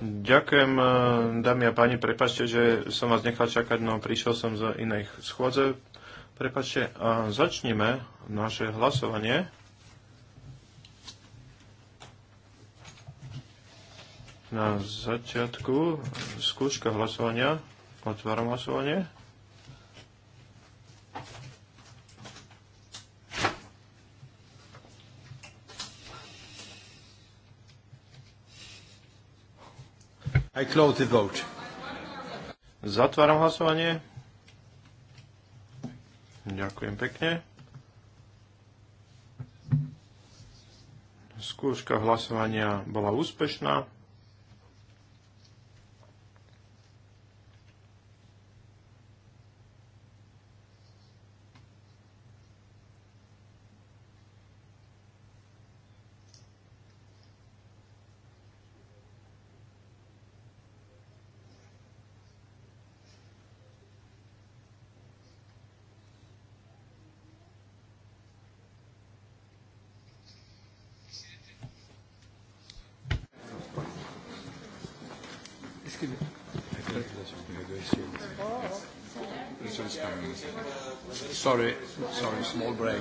Ďakujem, uh, dámy a páni, prepačte, že som vás nechal čakať, no prišiel som z inej schôdze. Prepačte, a začneme naše hlasovanie. Na začiatku skúška hlasovania. Otváram hlasovanie. I close the vote. Zatváram hlasovanie. Ďakujem pekne. Skúška hlasovania bola úspešná. small break.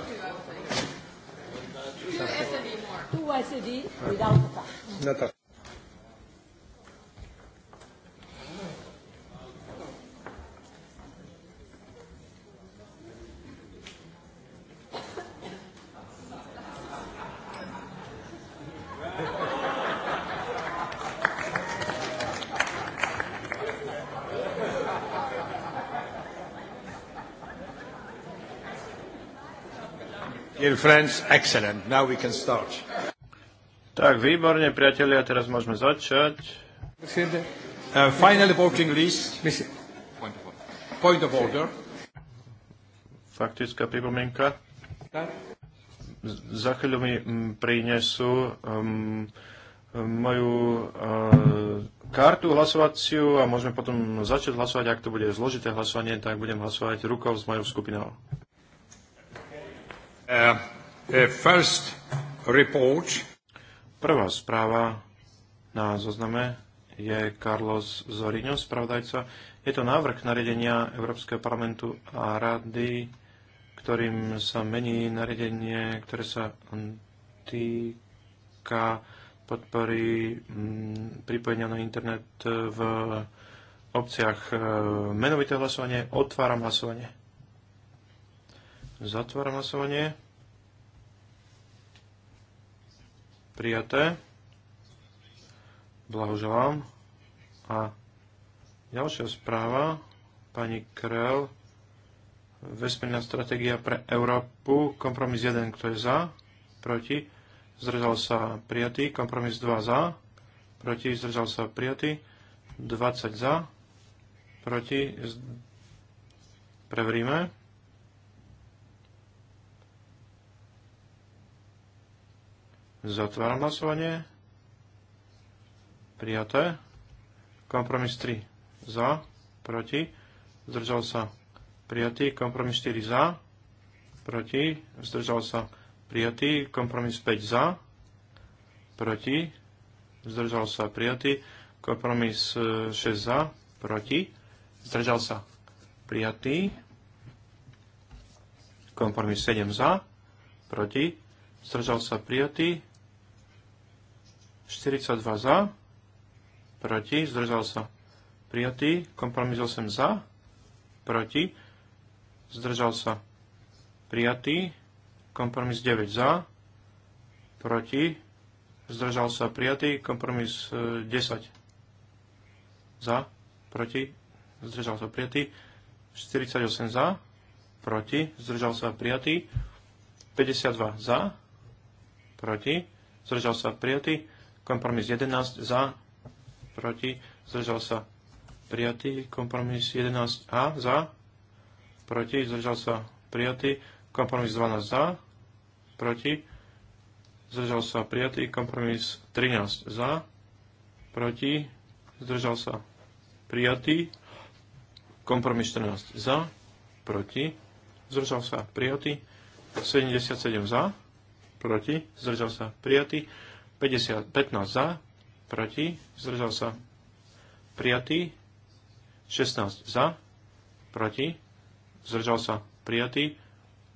Dear friends, excellent. Now we can start. Tak, výborne, priatelia, teraz môžeme začať. Uh, final voting list. Point of order. Faktická pripomienka. Za chvíľu mi mm, prinesú um, moju uh, kartu hlasovaciu a môžeme potom začať hlasovať. Ak to bude zložité hlasovanie, tak budem hlasovať rukou s mojou skupinou. Uh, uh, Prvá správa na zozname je Carlos Zorino, spravodajca. Je to návrh nariadenia Európskeho parlamentu a rady, ktorým sa mení nariadenie, ktoré sa týka podpory mm, pripojenia na internet v obciach. Uh, menovité hlasovanie, otváram hlasovanie. Zatváram hlasovanie. Prijaté. Blahoželám. A ďalšia správa pani Krell. Vesmírna stratégia pre Európu. Kompromis 1, kto je za? Proti. Zdržal sa prijatý. Kompromis 2 za. Proti. Zdržal sa prijatý. 20 za. Proti. Preveríme. Zatváram hlasovanie. Prijaté. Kompromis 3 za, proti, zdržal sa. Prijatý. Kompromis 4 za, proti, zdržal sa. Prijatý. Kompromis 5 za, proti, zdržal sa. Prijatý. Kompromis 6 e, za, proti, zdržal sa. Prijatý. Kompromis 7 za, proti, zdržal sa. Prijatý 42 za, proti, zdržal sa prijatý, kompromis 8 za, proti, zdržal sa prijatý, kompromis 9 za, proti, zdržal sa prijatý, kompromis 10 e, za, proti, zdržal sa prijatý, 48 za, proti, zdržal sa prijatý, 52 za, proti, zdržal sa prijatý, Kompromis 11 za, proti, zdržal sa prijatý. Kompromis 11a za, proti, zdržal sa prijatý. Kompromis 12 za, proti, zdržal sa prijatý. Kompromis 13 za, proti, zdržal sa prijatý. Kompromis 14 za, proti, zdržal sa prijatý. 77 za, proti, zdržal sa prijatý. 50, 15 za, proti, zdržal sa. Prijatý. 16 za, proti, zdržal sa. Prijatý.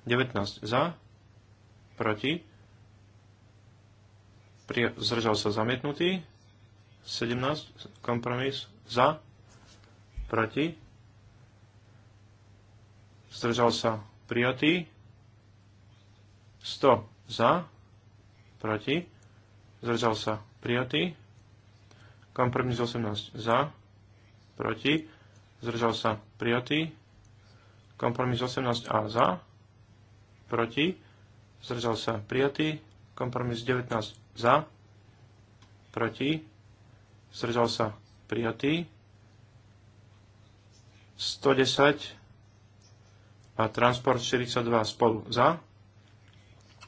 19 za, proti, zdržal sa zamietnutý. 17, kompromis, za, proti, zdržal sa prijatý, 100 za, proti, zdržal sa prijatý. Kompromis 18 za, proti, zdržal sa prijatý. Kompromis 18a za, proti, zdržal sa prijatý. Kompromis 19 za, proti, zdržal sa prijatý. 110 a transport 42 spolu za,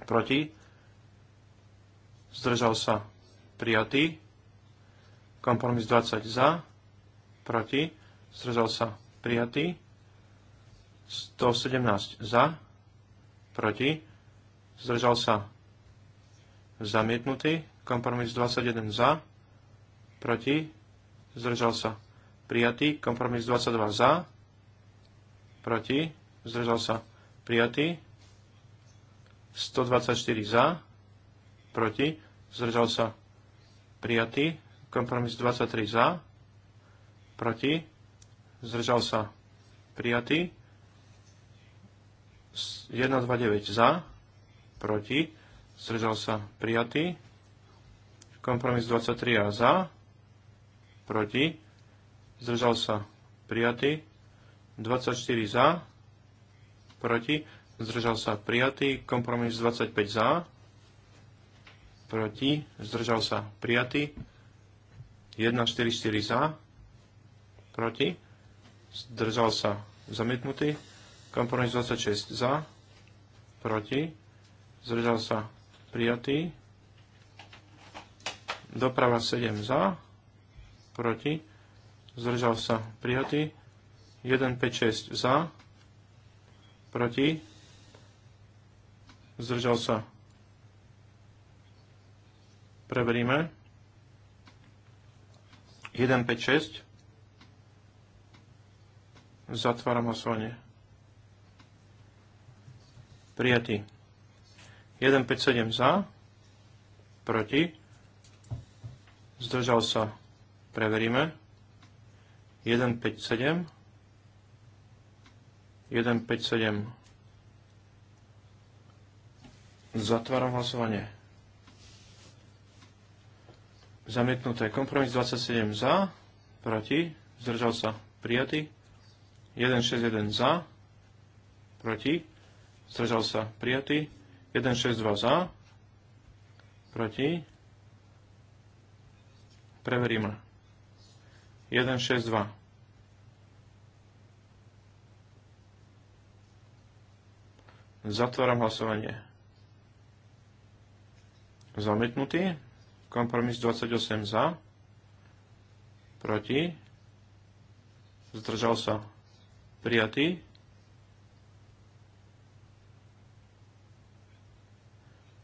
proti, zdržal sa, prijatý. Kompromis 20 za, proti, zdržal sa, prijatý. 117 za, proti, zdržal sa, zamietnutý. Kompromis 21 za, proti, zdržal sa, prijatý. Kompromis 22 za, proti, zdržal sa, prijatý. 124 za, proti, zdržal sa prijatý, kompromis 23 za, proti, zdržal sa prijatý, 129 za, proti, zdržal sa prijatý, kompromis 23 a za, proti, zdržal sa prijatý, 24 za, proti, zdržal sa prijatý, kompromis 25 za, proti, zdržal sa prijatý, 1,44 za, proti, zdržal sa zamietnutý, kompromis 26 za, proti, zdržal sa prijatý, doprava 7 za, proti, zdržal sa prijatý, 1,56 za, proti, zdržal sa Preveríme. 15-6. Zatváram hlasovanie. Prijatý. 157 za. Proti. Zdržal sa. Preveríme. 157. 7. Zatváram hlasovanie. Zamietnuté. Kompromis 27 za. Proti. Zdržal sa. Prijatý. 161 za. Proti. Zdržal sa. Prijatý. 162 za. Proti. Preveríme. 162. Zatváram hlasovanie. Zamietnutý. Kompromis 28 za. Proti. Zdržal sa. Prijatý.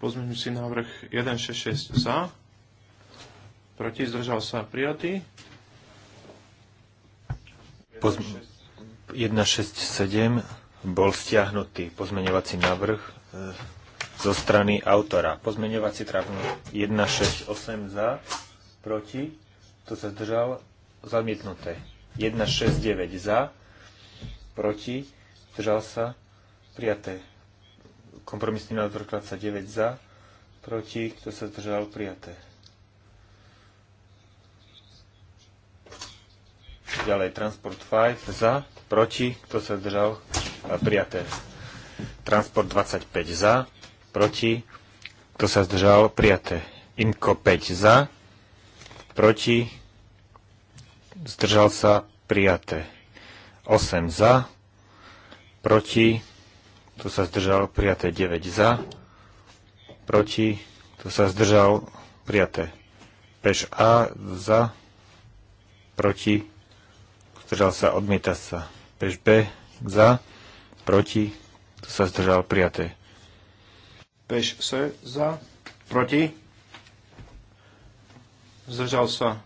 Pozmeňme si návrh 166 za. Proti. Zdržal sa. Prijatý. 167 bol stiahnutý pozmeňovací návrh e, zo strany autora. Pozmeňovací 6, 168 za, proti, to sa zdržal, zamietnuté. 169 za, proti, zdržal sa, prijaté. Kompromisný názor 29 za, proti, kto sa zdržal, prijaté. Ďalej Transport 5 za, proti, kto sa zdržal, prijaté. Transport 25 za, proti, kto sa zdržal, prijaté. Inko 5 za, proti, zdržal sa, prijaté. 8 za, proti, kto sa zdržal, prijaté 9 za, proti, kto sa zdržal, prijaté. Peš A za, proti, zdržal sa, odmieta sa. Peš B za, proti, kto sa zdržal, prijaté. Peš se za, proti, zdržal sa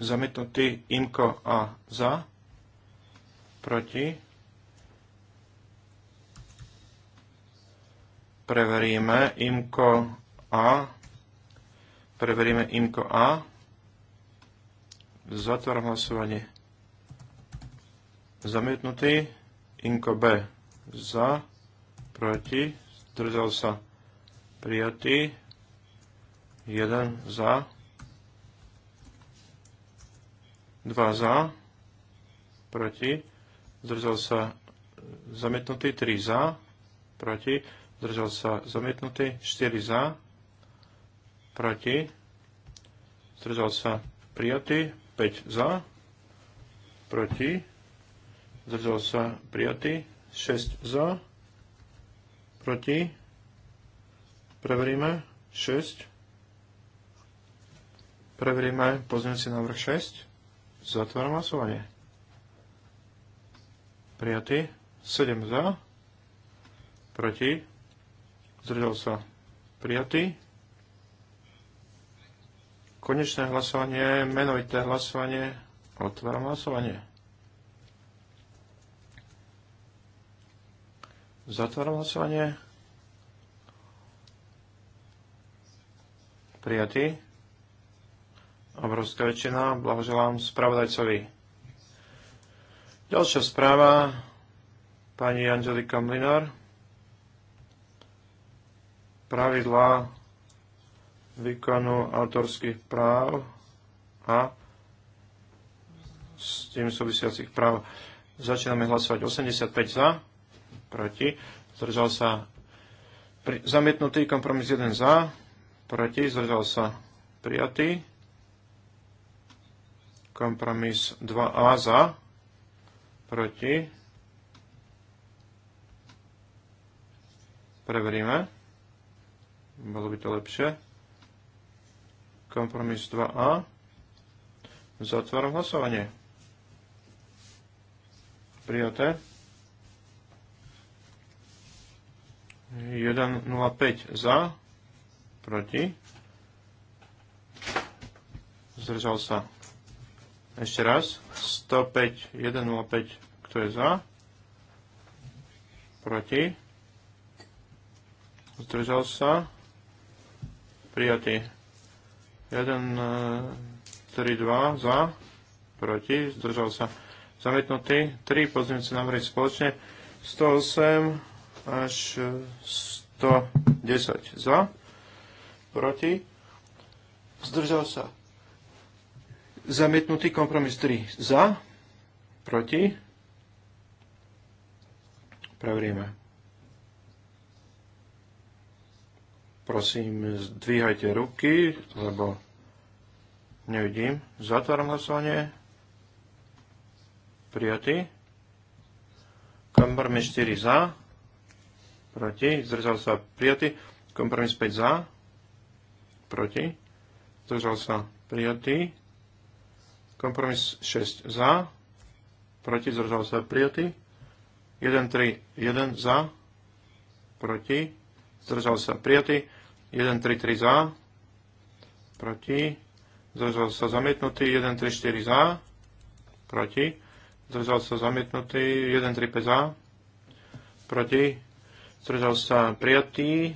zamietnutý Imko a za, proti. Preveríme Imko a, preveríme Imko a, zatváram hlasovanie. Zamietnutý Imko B za, proti, zdržal sa prijatý. 1 za. 2 za. Proti. Zdržal sa zamietnutý. 3 za. Proti. Zdržal sa zamietnutý. 4 za. Proti. Zdržal sa prijatý. 5 za. Proti. Zdržal sa prijatý. 6 za. Proti Preveríme. 6. Preveríme pozmeňujúci návrh 6. Zatváram hlasovanie. Prijatý. 7 za. Proti. Zdržal sa. Prijatý. Konečné hlasovanie, menovité hlasovanie. Otváram hlasovanie. Zatváram hlasovanie. prijatý. Obrovská väčšina. Blahoželám spravodajcovi. Ďalšia správa pani Angelika Mlinar. Pravidlá výkonu autorských práv a s tým súvisiacich práv. Začíname hlasovať 85 za, proti, zdržal sa pri, zamietnutý kompromis 1 za, proti, zdržal sa prijatý. Kompromis 2A za, proti. Preveríme. Bolo by to lepšie. Kompromis 2A. Zatváram hlasovanie. Prijaté. 1.05 za. Proti? Zdržal sa. Ešte raz. 105, 105, kto je za? Proti? Zdržal sa. Prijatý. 1, 3, 2, za? Proti? Zdržal sa. Zamietnutý. 3 pozmeňujúce návrhy spoločne. 108 až 110 za proti, zdržal sa. Zamietnutý kompromis 3 za, proti, preveríme. Prosím, zdvíhajte ruky, lebo nevidím. Zatváram hlasovanie. Prijatý. Kompromis 4 za, proti, zdržal sa prijatý. Kompromis 5 za, proti, zdržal sa prijatý. Kompromis 6 za, proti, zdržal sa prijatý. 1, 3, 1 za, proti, zdržal sa prijatý. 1, 3, 3 za, proti, zdržal sa zamietnutý. 1, 3, 4 za, proti, zdržal sa zamietnutý. 1, 3, 5 za, proti, zdržal sa prijatý.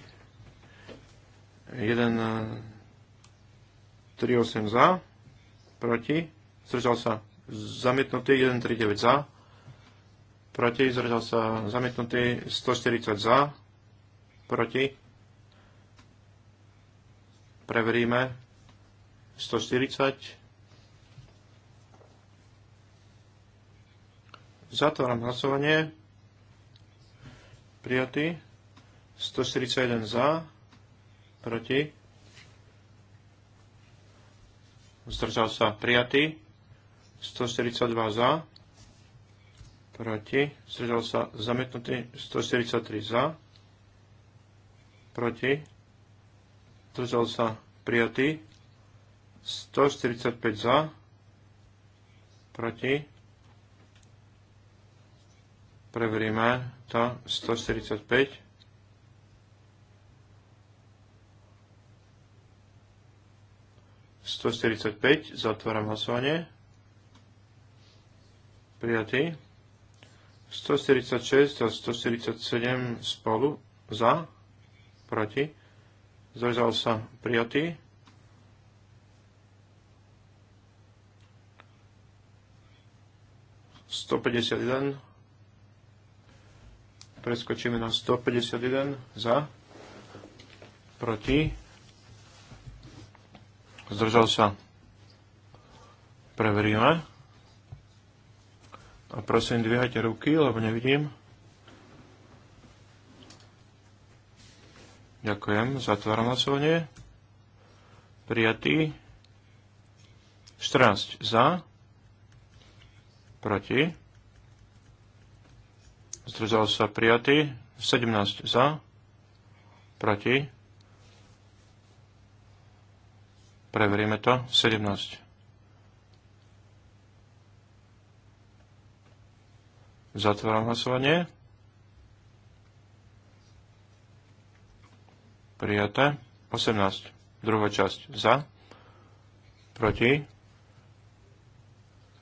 1, 3, 8 za, proti, zdržal sa zamietnutý, 1, 3, 9 za, proti, zdržal sa zamietnutý, 140 za, proti, preveríme, 140, Zatváram hlasovanie. Prijatý. 141 za proti, zdržal sa prijatý, 142 za, proti, zdržal sa zamietnutý, 143 za, proti, zdržal sa prijatý, 145 za, proti, preveríme to, 145 145, zatváram hlasovanie. Prijatý. 146 a 147 spolu, za, proti. Zdržal sa prijatý. Preskočíme na 151 za, proti Zdržal sa? Preveríme. A prosím, dvíhajte ruky, lebo nevidím. Ďakujem. Zatváram hlasovanie. Prijatý. 14 za. Proti. Zdržal sa prijatý. 17 za. Proti Preveríme to. 17. Zatváram hlasovanie. Prijaté. 18. Druhá časť. Za. Proti.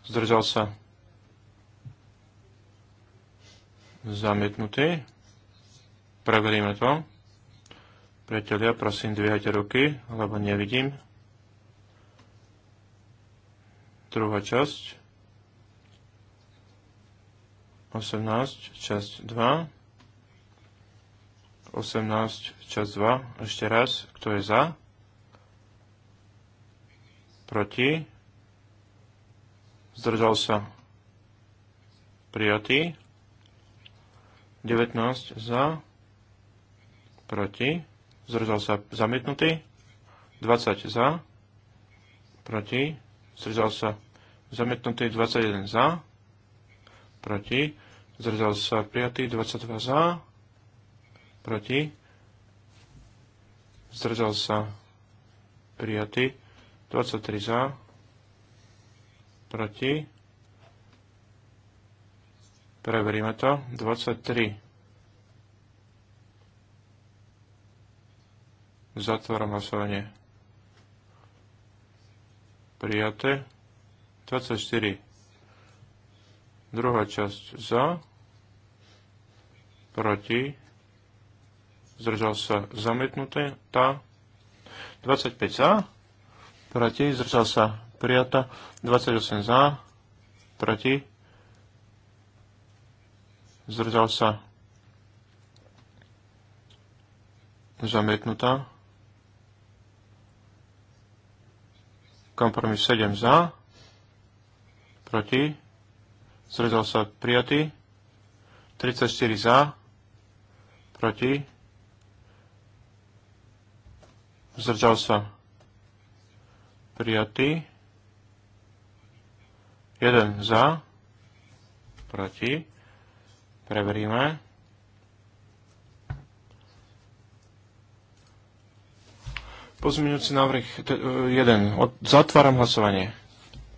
Zdržal sa. Zamietnutý. Preveríme to. Priatelia, prosím, dvíhajte ruky, lebo nevidím. Druhá časť. 18, časť 2. 18, časť 2. Ešte raz, kto je za? Proti? Zdržal sa? Prijatý? 19 za? Proti? Zdržal sa? Zamietnutý? 20 za? Proti? zdržal sa zamietnutý 21 za, proti, zdržal sa prijatý 22 za, proti, zdržal sa prijatý 23 za, proti, preveríme to, 23 zatvorom hlasovanie prijaté. 24. Druhá časť za, proti, zdržal sa zamietnuté, tá. 25 za, proti, zdržal sa prijata, 28 za, proti, zdržal sa zamietnutá. Kompromis 7 za, proti, zrezol sa prijatý. 34 za, proti, zdržal sa prijatý. 1 za, proti, preveríme. Pozmeňujúci návrh 1. Zatváram hlasovanie.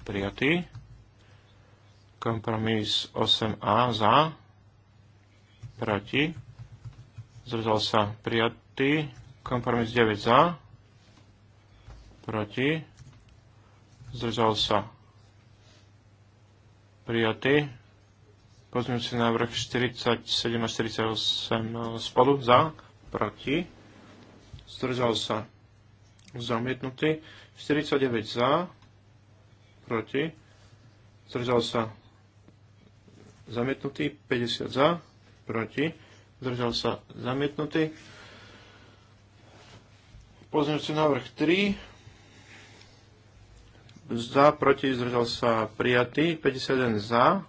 Prijatý. Kompromis 8a za. Proti. Zdržal sa. Prijatý. Kompromis 9 za. Proti. Zdržal sa. Prijatý. Pozmeňujúci návrh 47 a 48 e, spolu za. Proti. Zdržal sa zamietnutý, 49 za, proti, zdržal sa zamietnutý, 50 za, proti, zdržal sa zamietnutý. Pozrieme návrh 3, za, proti, zdržal sa prijatý, 51 za,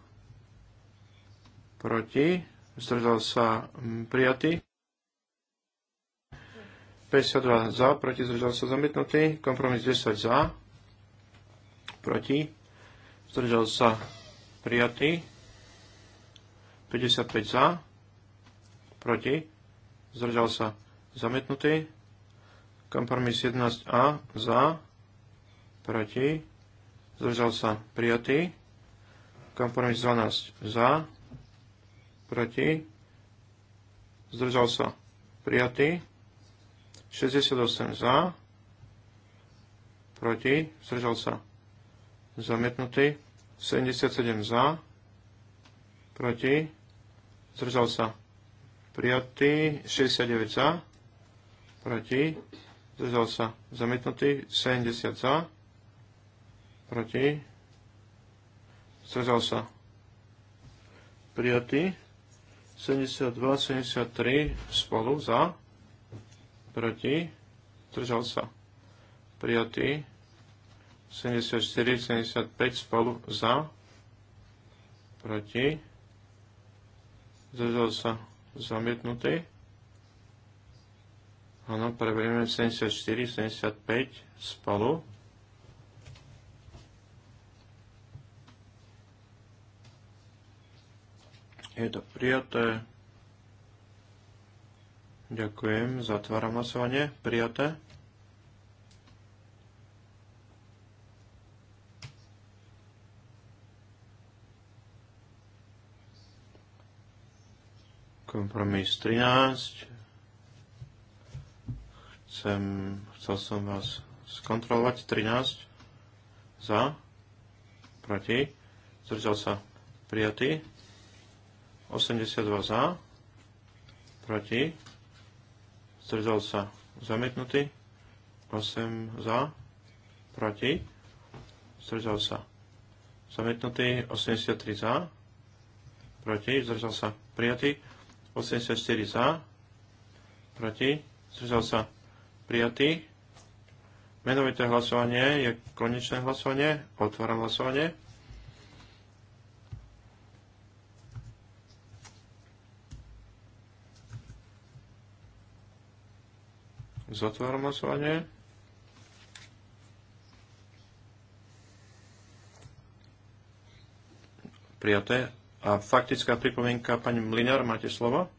proti, zdržal sa prijatý. 52 za, proti zdržal sa zamietnutý. Kompromis 10 za, proti zdržal sa prijatý. 55 za, proti zdržal sa zamietnutý. Kompromis 11a za, proti zdržal sa prijatý. Kompromis 12 za, proti zdržal sa prijatý. 68 za, proti, zdržal sa, zamietnutý, 77 za, proti, zdržal sa, prijatý, 69 za, proti, zdržal sa, zamietnutý, 70 za, proti, zdržal sa, prijatý, 72, 73 spolu za, proti, držal sa, prijatý, 74, 75 spolu za, proti, zdržal sa, zamietnutý, Áno, preberieme 74, 75 spolu. Je to prijaté. Ďakujem. Zatváram hlasovanie. Prijaté. Kompromis 13. Chcem, chcel som vás skontrolovať. 13. Za. Proti. Zdržal sa. Prijatý. 82 za. Proti zdržal sa zamietnutý, 8 za, proti, zdržal sa zamietnutý, 83 za, proti, zdržal sa prijatý, 84 za, proti, zdržal sa prijatý. Menovité hlasovanie je konečné hlasovanie, otváram hlasovanie. Zatváram hlasovanie. Prijaté. A faktická pripomienka, pani Mlinar, máte slovo?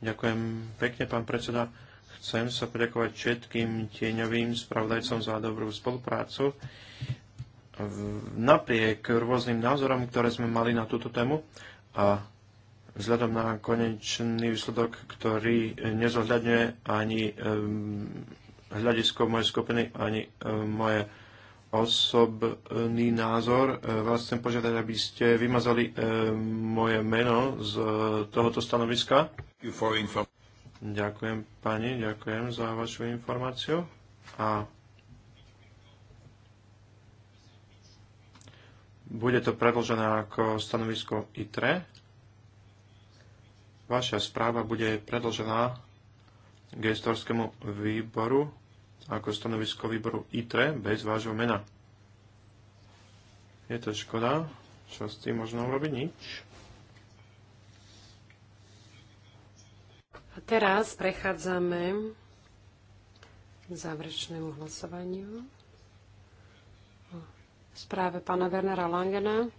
Ďakujem pekne, pán predseda. Chcem sa poďakovať všetkým tieňovým spravodajcom za dobrú spoluprácu. Napriek rôznym názorom, ktoré sme mali na túto tému a vzhľadom na konečný výsledok, ktorý nezohľadňuje ani hľadisko mojej skupiny, ani moje osobný názor. E, vás chcem požiadať, aby ste vymazali moje meno z e, tohoto stanoviska. Ďakujem pani, ďakujem za vašu informáciu. A bude to predložené ako stanovisko ITRE Vaša správa bude predložená gestorskému výboru ako stanovisko výboru ITRE bez vášho mena. Je to škoda, čo s tým možno urobiť? Nič. A teraz prechádzame k záverečnému hlasovaniu správe pána Wernera Langena,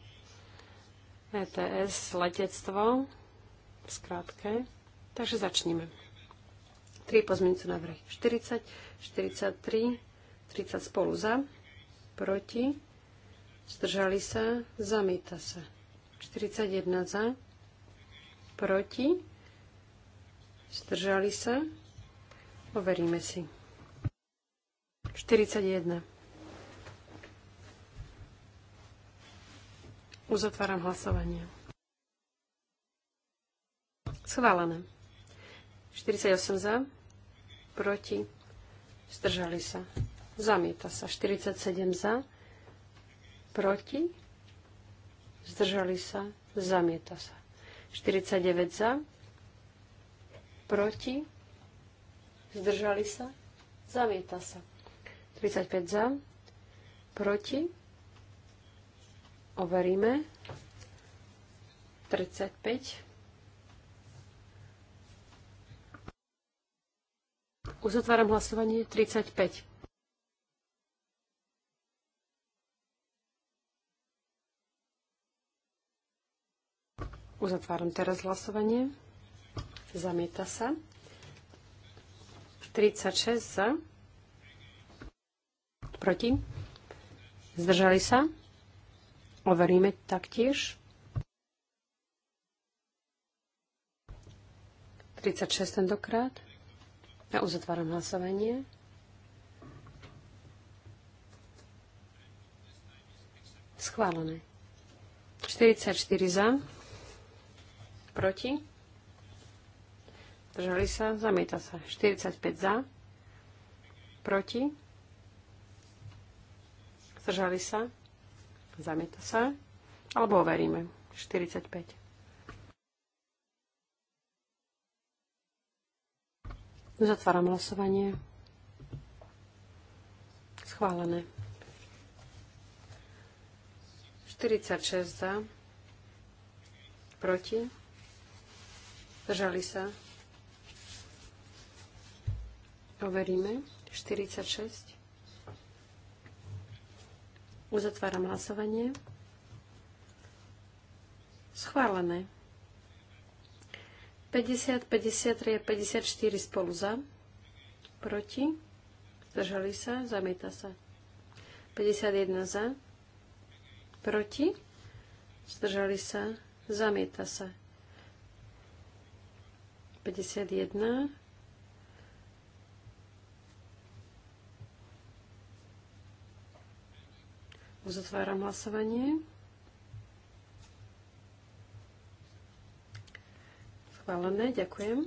ETS, letectvo skrátke. Takže začneme. 3 pozmeňujúce návrhy. 40, 43, 30 spolu za, proti, zdržali sa, zamýta sa. 41 za, proti, zdržali sa, overíme si. 41. Uzatváram hlasovanie. Schválené. 48 za, proti, zdržali sa. Zamieta sa. 47 za, proti, zdržali sa, zamieta sa. 49 za, proti, zdržali sa, zamieta sa. 35 za, proti, overíme. 35 Uzatváram hlasovanie 35. Uzatváram teraz hlasovanie. Zamieta sa. 36 za. Proti. Zdržali sa. Overíme taktiež. 36 tentokrát. Ja uzatváram hlasovanie. Schválené. 44 za. Proti. Držali sa. Zamieta sa. 45 za. Proti. Zdržali sa. Zamieta sa. Alebo overíme. 45. Uzatváram hlasovanie. Schválené. 46 za. Proti. Držali sa. Overíme. 46. Uzatváram hlasovanie. Schválené. 50, 53 a 54 spolu za. Proti. Zdržali sa. Zamieta sa. 51 za. Proti. Zdržali sa. Zamieta sa. 51. Uzatváram hlasovanie. Schválené, ďakujem.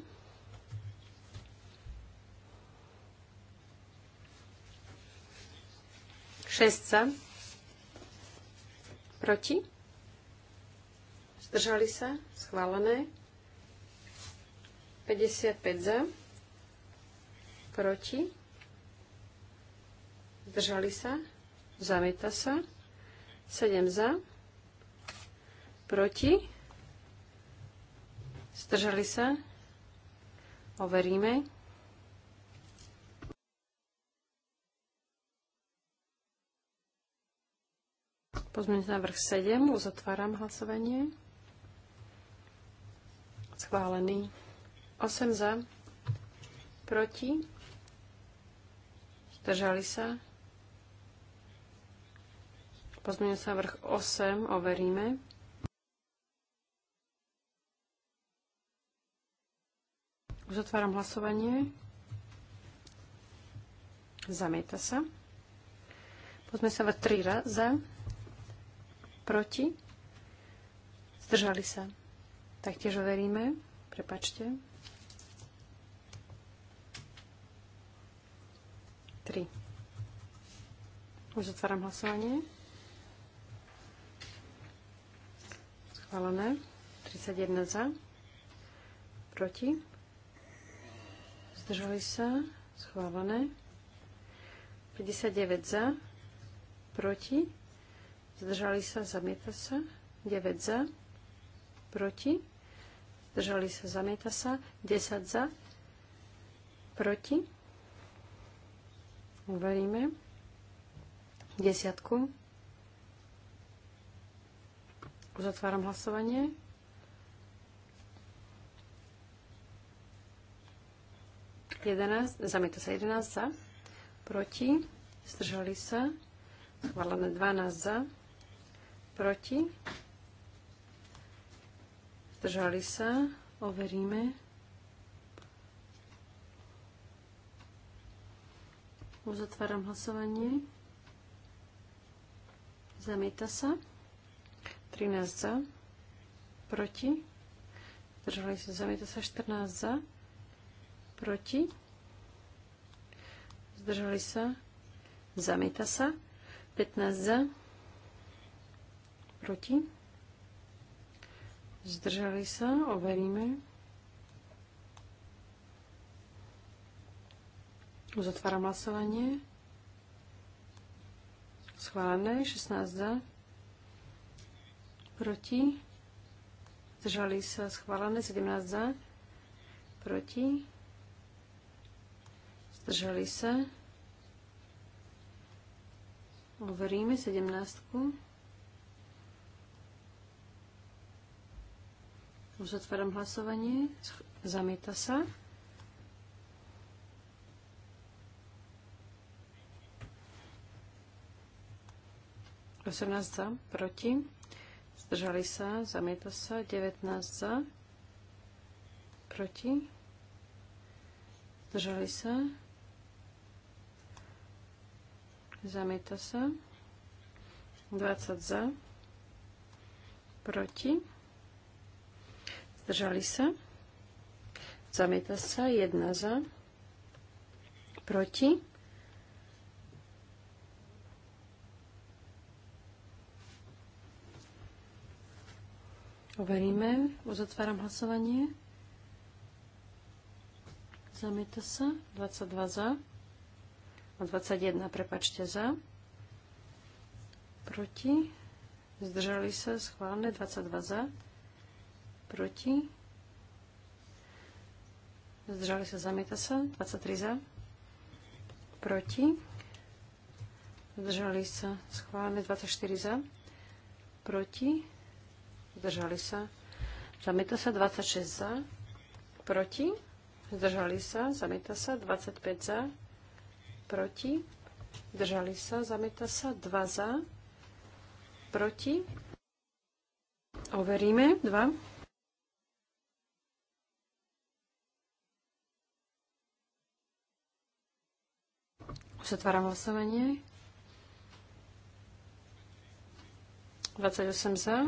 Šestca. Proti? Zdržali sa? Schválené. 55 za. Proti? Zdržali sa? Zamieta sa. 7 za. Proti? Zdržali sa? Overíme. na návrh 7. Uzatváram hlasovanie. Schválený. 8 za. Proti. Zdržali sa. sa návrh 8. Overíme. Uzatváram hlasovanie. Zamieta sa. Poďme sa 3 raz za. Proti. Zdržali sa. Taktiež overíme. Prepačte. 3. Už zatváram hlasovanie. Schválené. 31 za. Proti zdržali sa, schválené. 59 za, proti, zdržali sa, zamieta sa. 9 za, proti, zdržali sa, zamieta sa. 10 za, proti, uveríme. Desiatku. Uzatváram hlasovanie. 11, zamieta sa 11 za, proti, zdržali sa, schválené 12 za, proti, zdržali sa, overíme. Uzatváram hlasovanie. Zamieta sa. 13 za, proti, zdržali sa, zamieta sa 14 za, proti, zdržali sa, zamieta sa, 15 za, proti, zdržali sa, overíme. Uzatváram hlasovanie. Schválené, 16 za, proti, zdržali sa, schválené, 17 za, proti, Zdržali sa. Overíme 17. Už otváram hlasovanie. Zamieta sa. Osemnáct za, proti. Zdržali sa, zamieta sa. 19 za, proti. Zdržali sa. Zamieta sa. 20 za. Proti. Zdržali sa. Zamieta sa. 1 za. Proti. Overíme. Uzatváram hlasovanie. Zamieta sa. 22 za. 21, prepačte za. Proti. Zdržali sa, schválne. 22 za. Proti. Zdržali sa, zamieta sa. 23 za. Proti. Zdržali sa, schválne. 24 za. Proti. Zdržali sa. Zamieta sa 26 za. Proti. Zdržali sa. Zamieta sa 25 za proti, držali sa, zameta sa, 2 za, proti, overíme, 2. Zatváram hlasovanie. 28 za,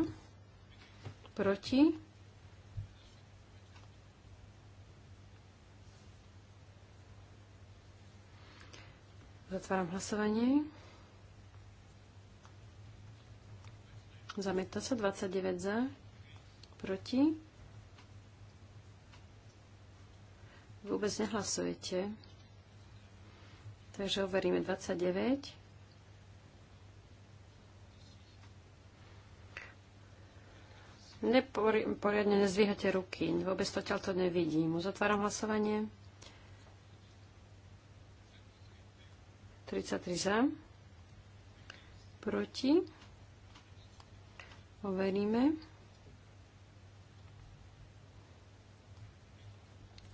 proti, Zatváram hlasovanie. Zamieta sa 29 za, proti. Vôbec nehlasujete. Takže overíme 29. Neporiadne nezvíhate ruky, vôbec to ťaľto nevidím. Uzatváram hlasovanie. 33 za. Proti. Overíme.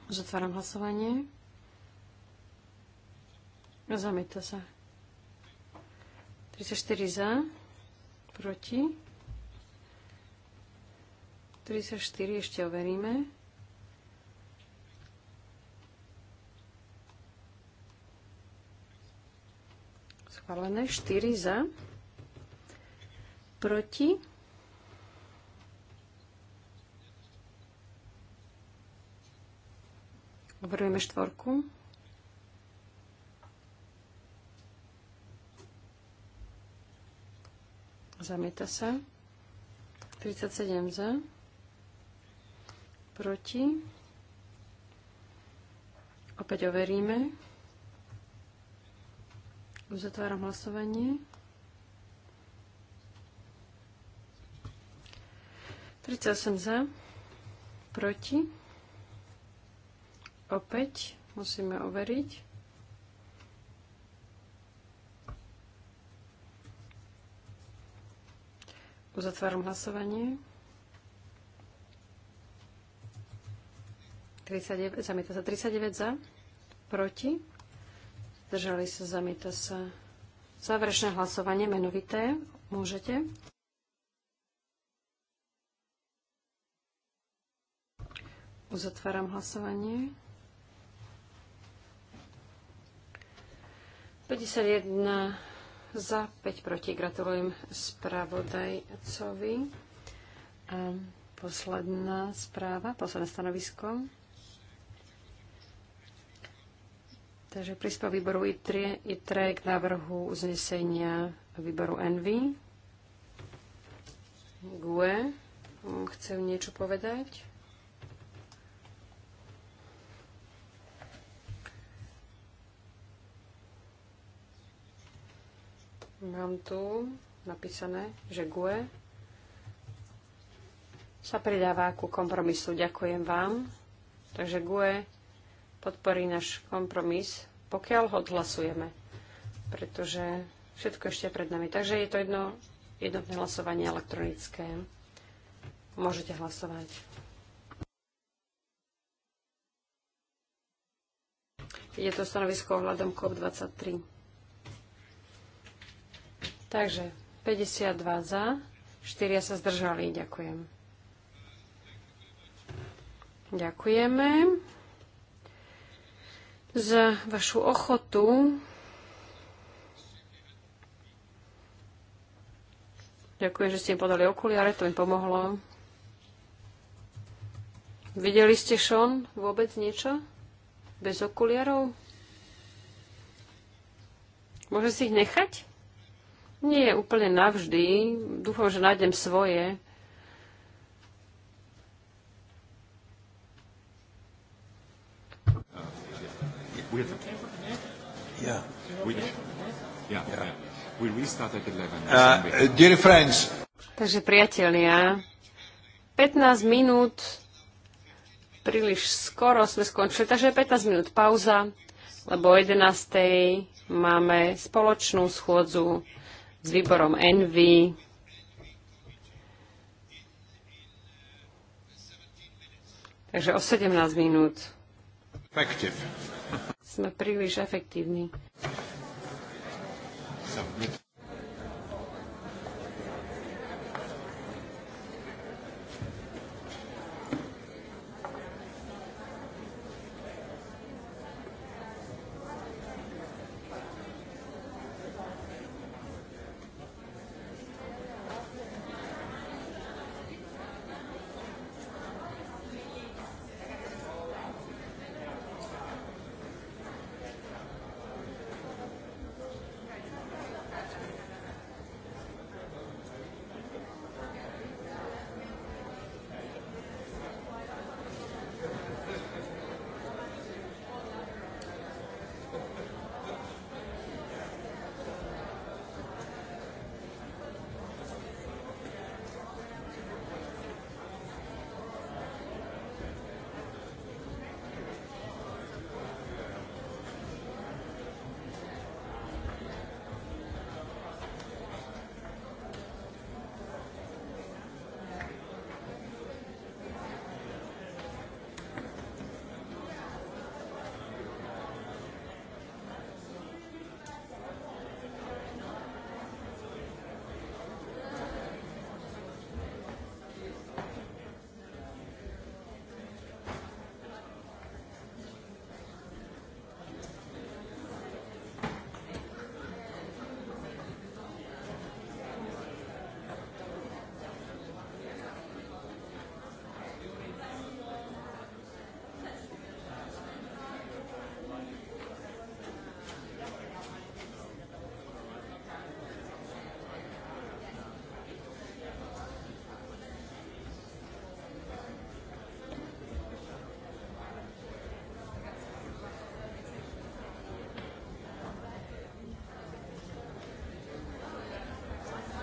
Zatváram hlasovanie. Zamieta sa. 34 za. Proti. 34 ešte overíme. schválené. 4 za, proti. Overujeme štvorku. Zamieta sa. 37 za. Proti. Opäť overíme. Uzatváram hlasovanie. 38 za, proti. Opäť musíme overiť. Uzatváram hlasovanie. 39, zamieta sa 39 za, proti. Zdržali sa, zamieta sa. Záverečné hlasovanie menovité. Môžete. Uzatváram hlasovanie. 51 za, 5 proti. Gratulujem spravodajcovi. A posledná správa, posledné stanovisko. Takže prispel výboru ITRE, ITRE k návrhu uznesenia výboru ENVY. GUE chcem niečo povedať. Mám tu napísané, že GUE sa pridáva ku kompromisu. Ďakujem vám. Takže GUE podporí náš kompromis, pokiaľ ho odhlasujeme, pretože všetko ešte je pred nami. Takže je to jedno jednotné hlasovanie elektronické. Môžete hlasovať. Je to stanovisko ohľadom COP23. Takže 52 za, 4 sa zdržali. Ďakujem. Ďakujeme za vašu ochotu. Ďakujem, že ste im podali okuliare, to im pomohlo. Videli ste Sean vôbec niečo? Bez okuliarov? Môže si ich nechať? Nie, úplne navždy. Dúfam, že nájdem svoje. We have. to... Yeah. We, yeah, yeah. We restart at 11. Uh, dear friends. Takže priatelia, 15 minút príliš skoro sme skončili, takže 15 minút pauza, lebo o 11. máme spoločnú schôdzu s výborom Envy. Takže o 17 minút. Effective sme príliš efektívni.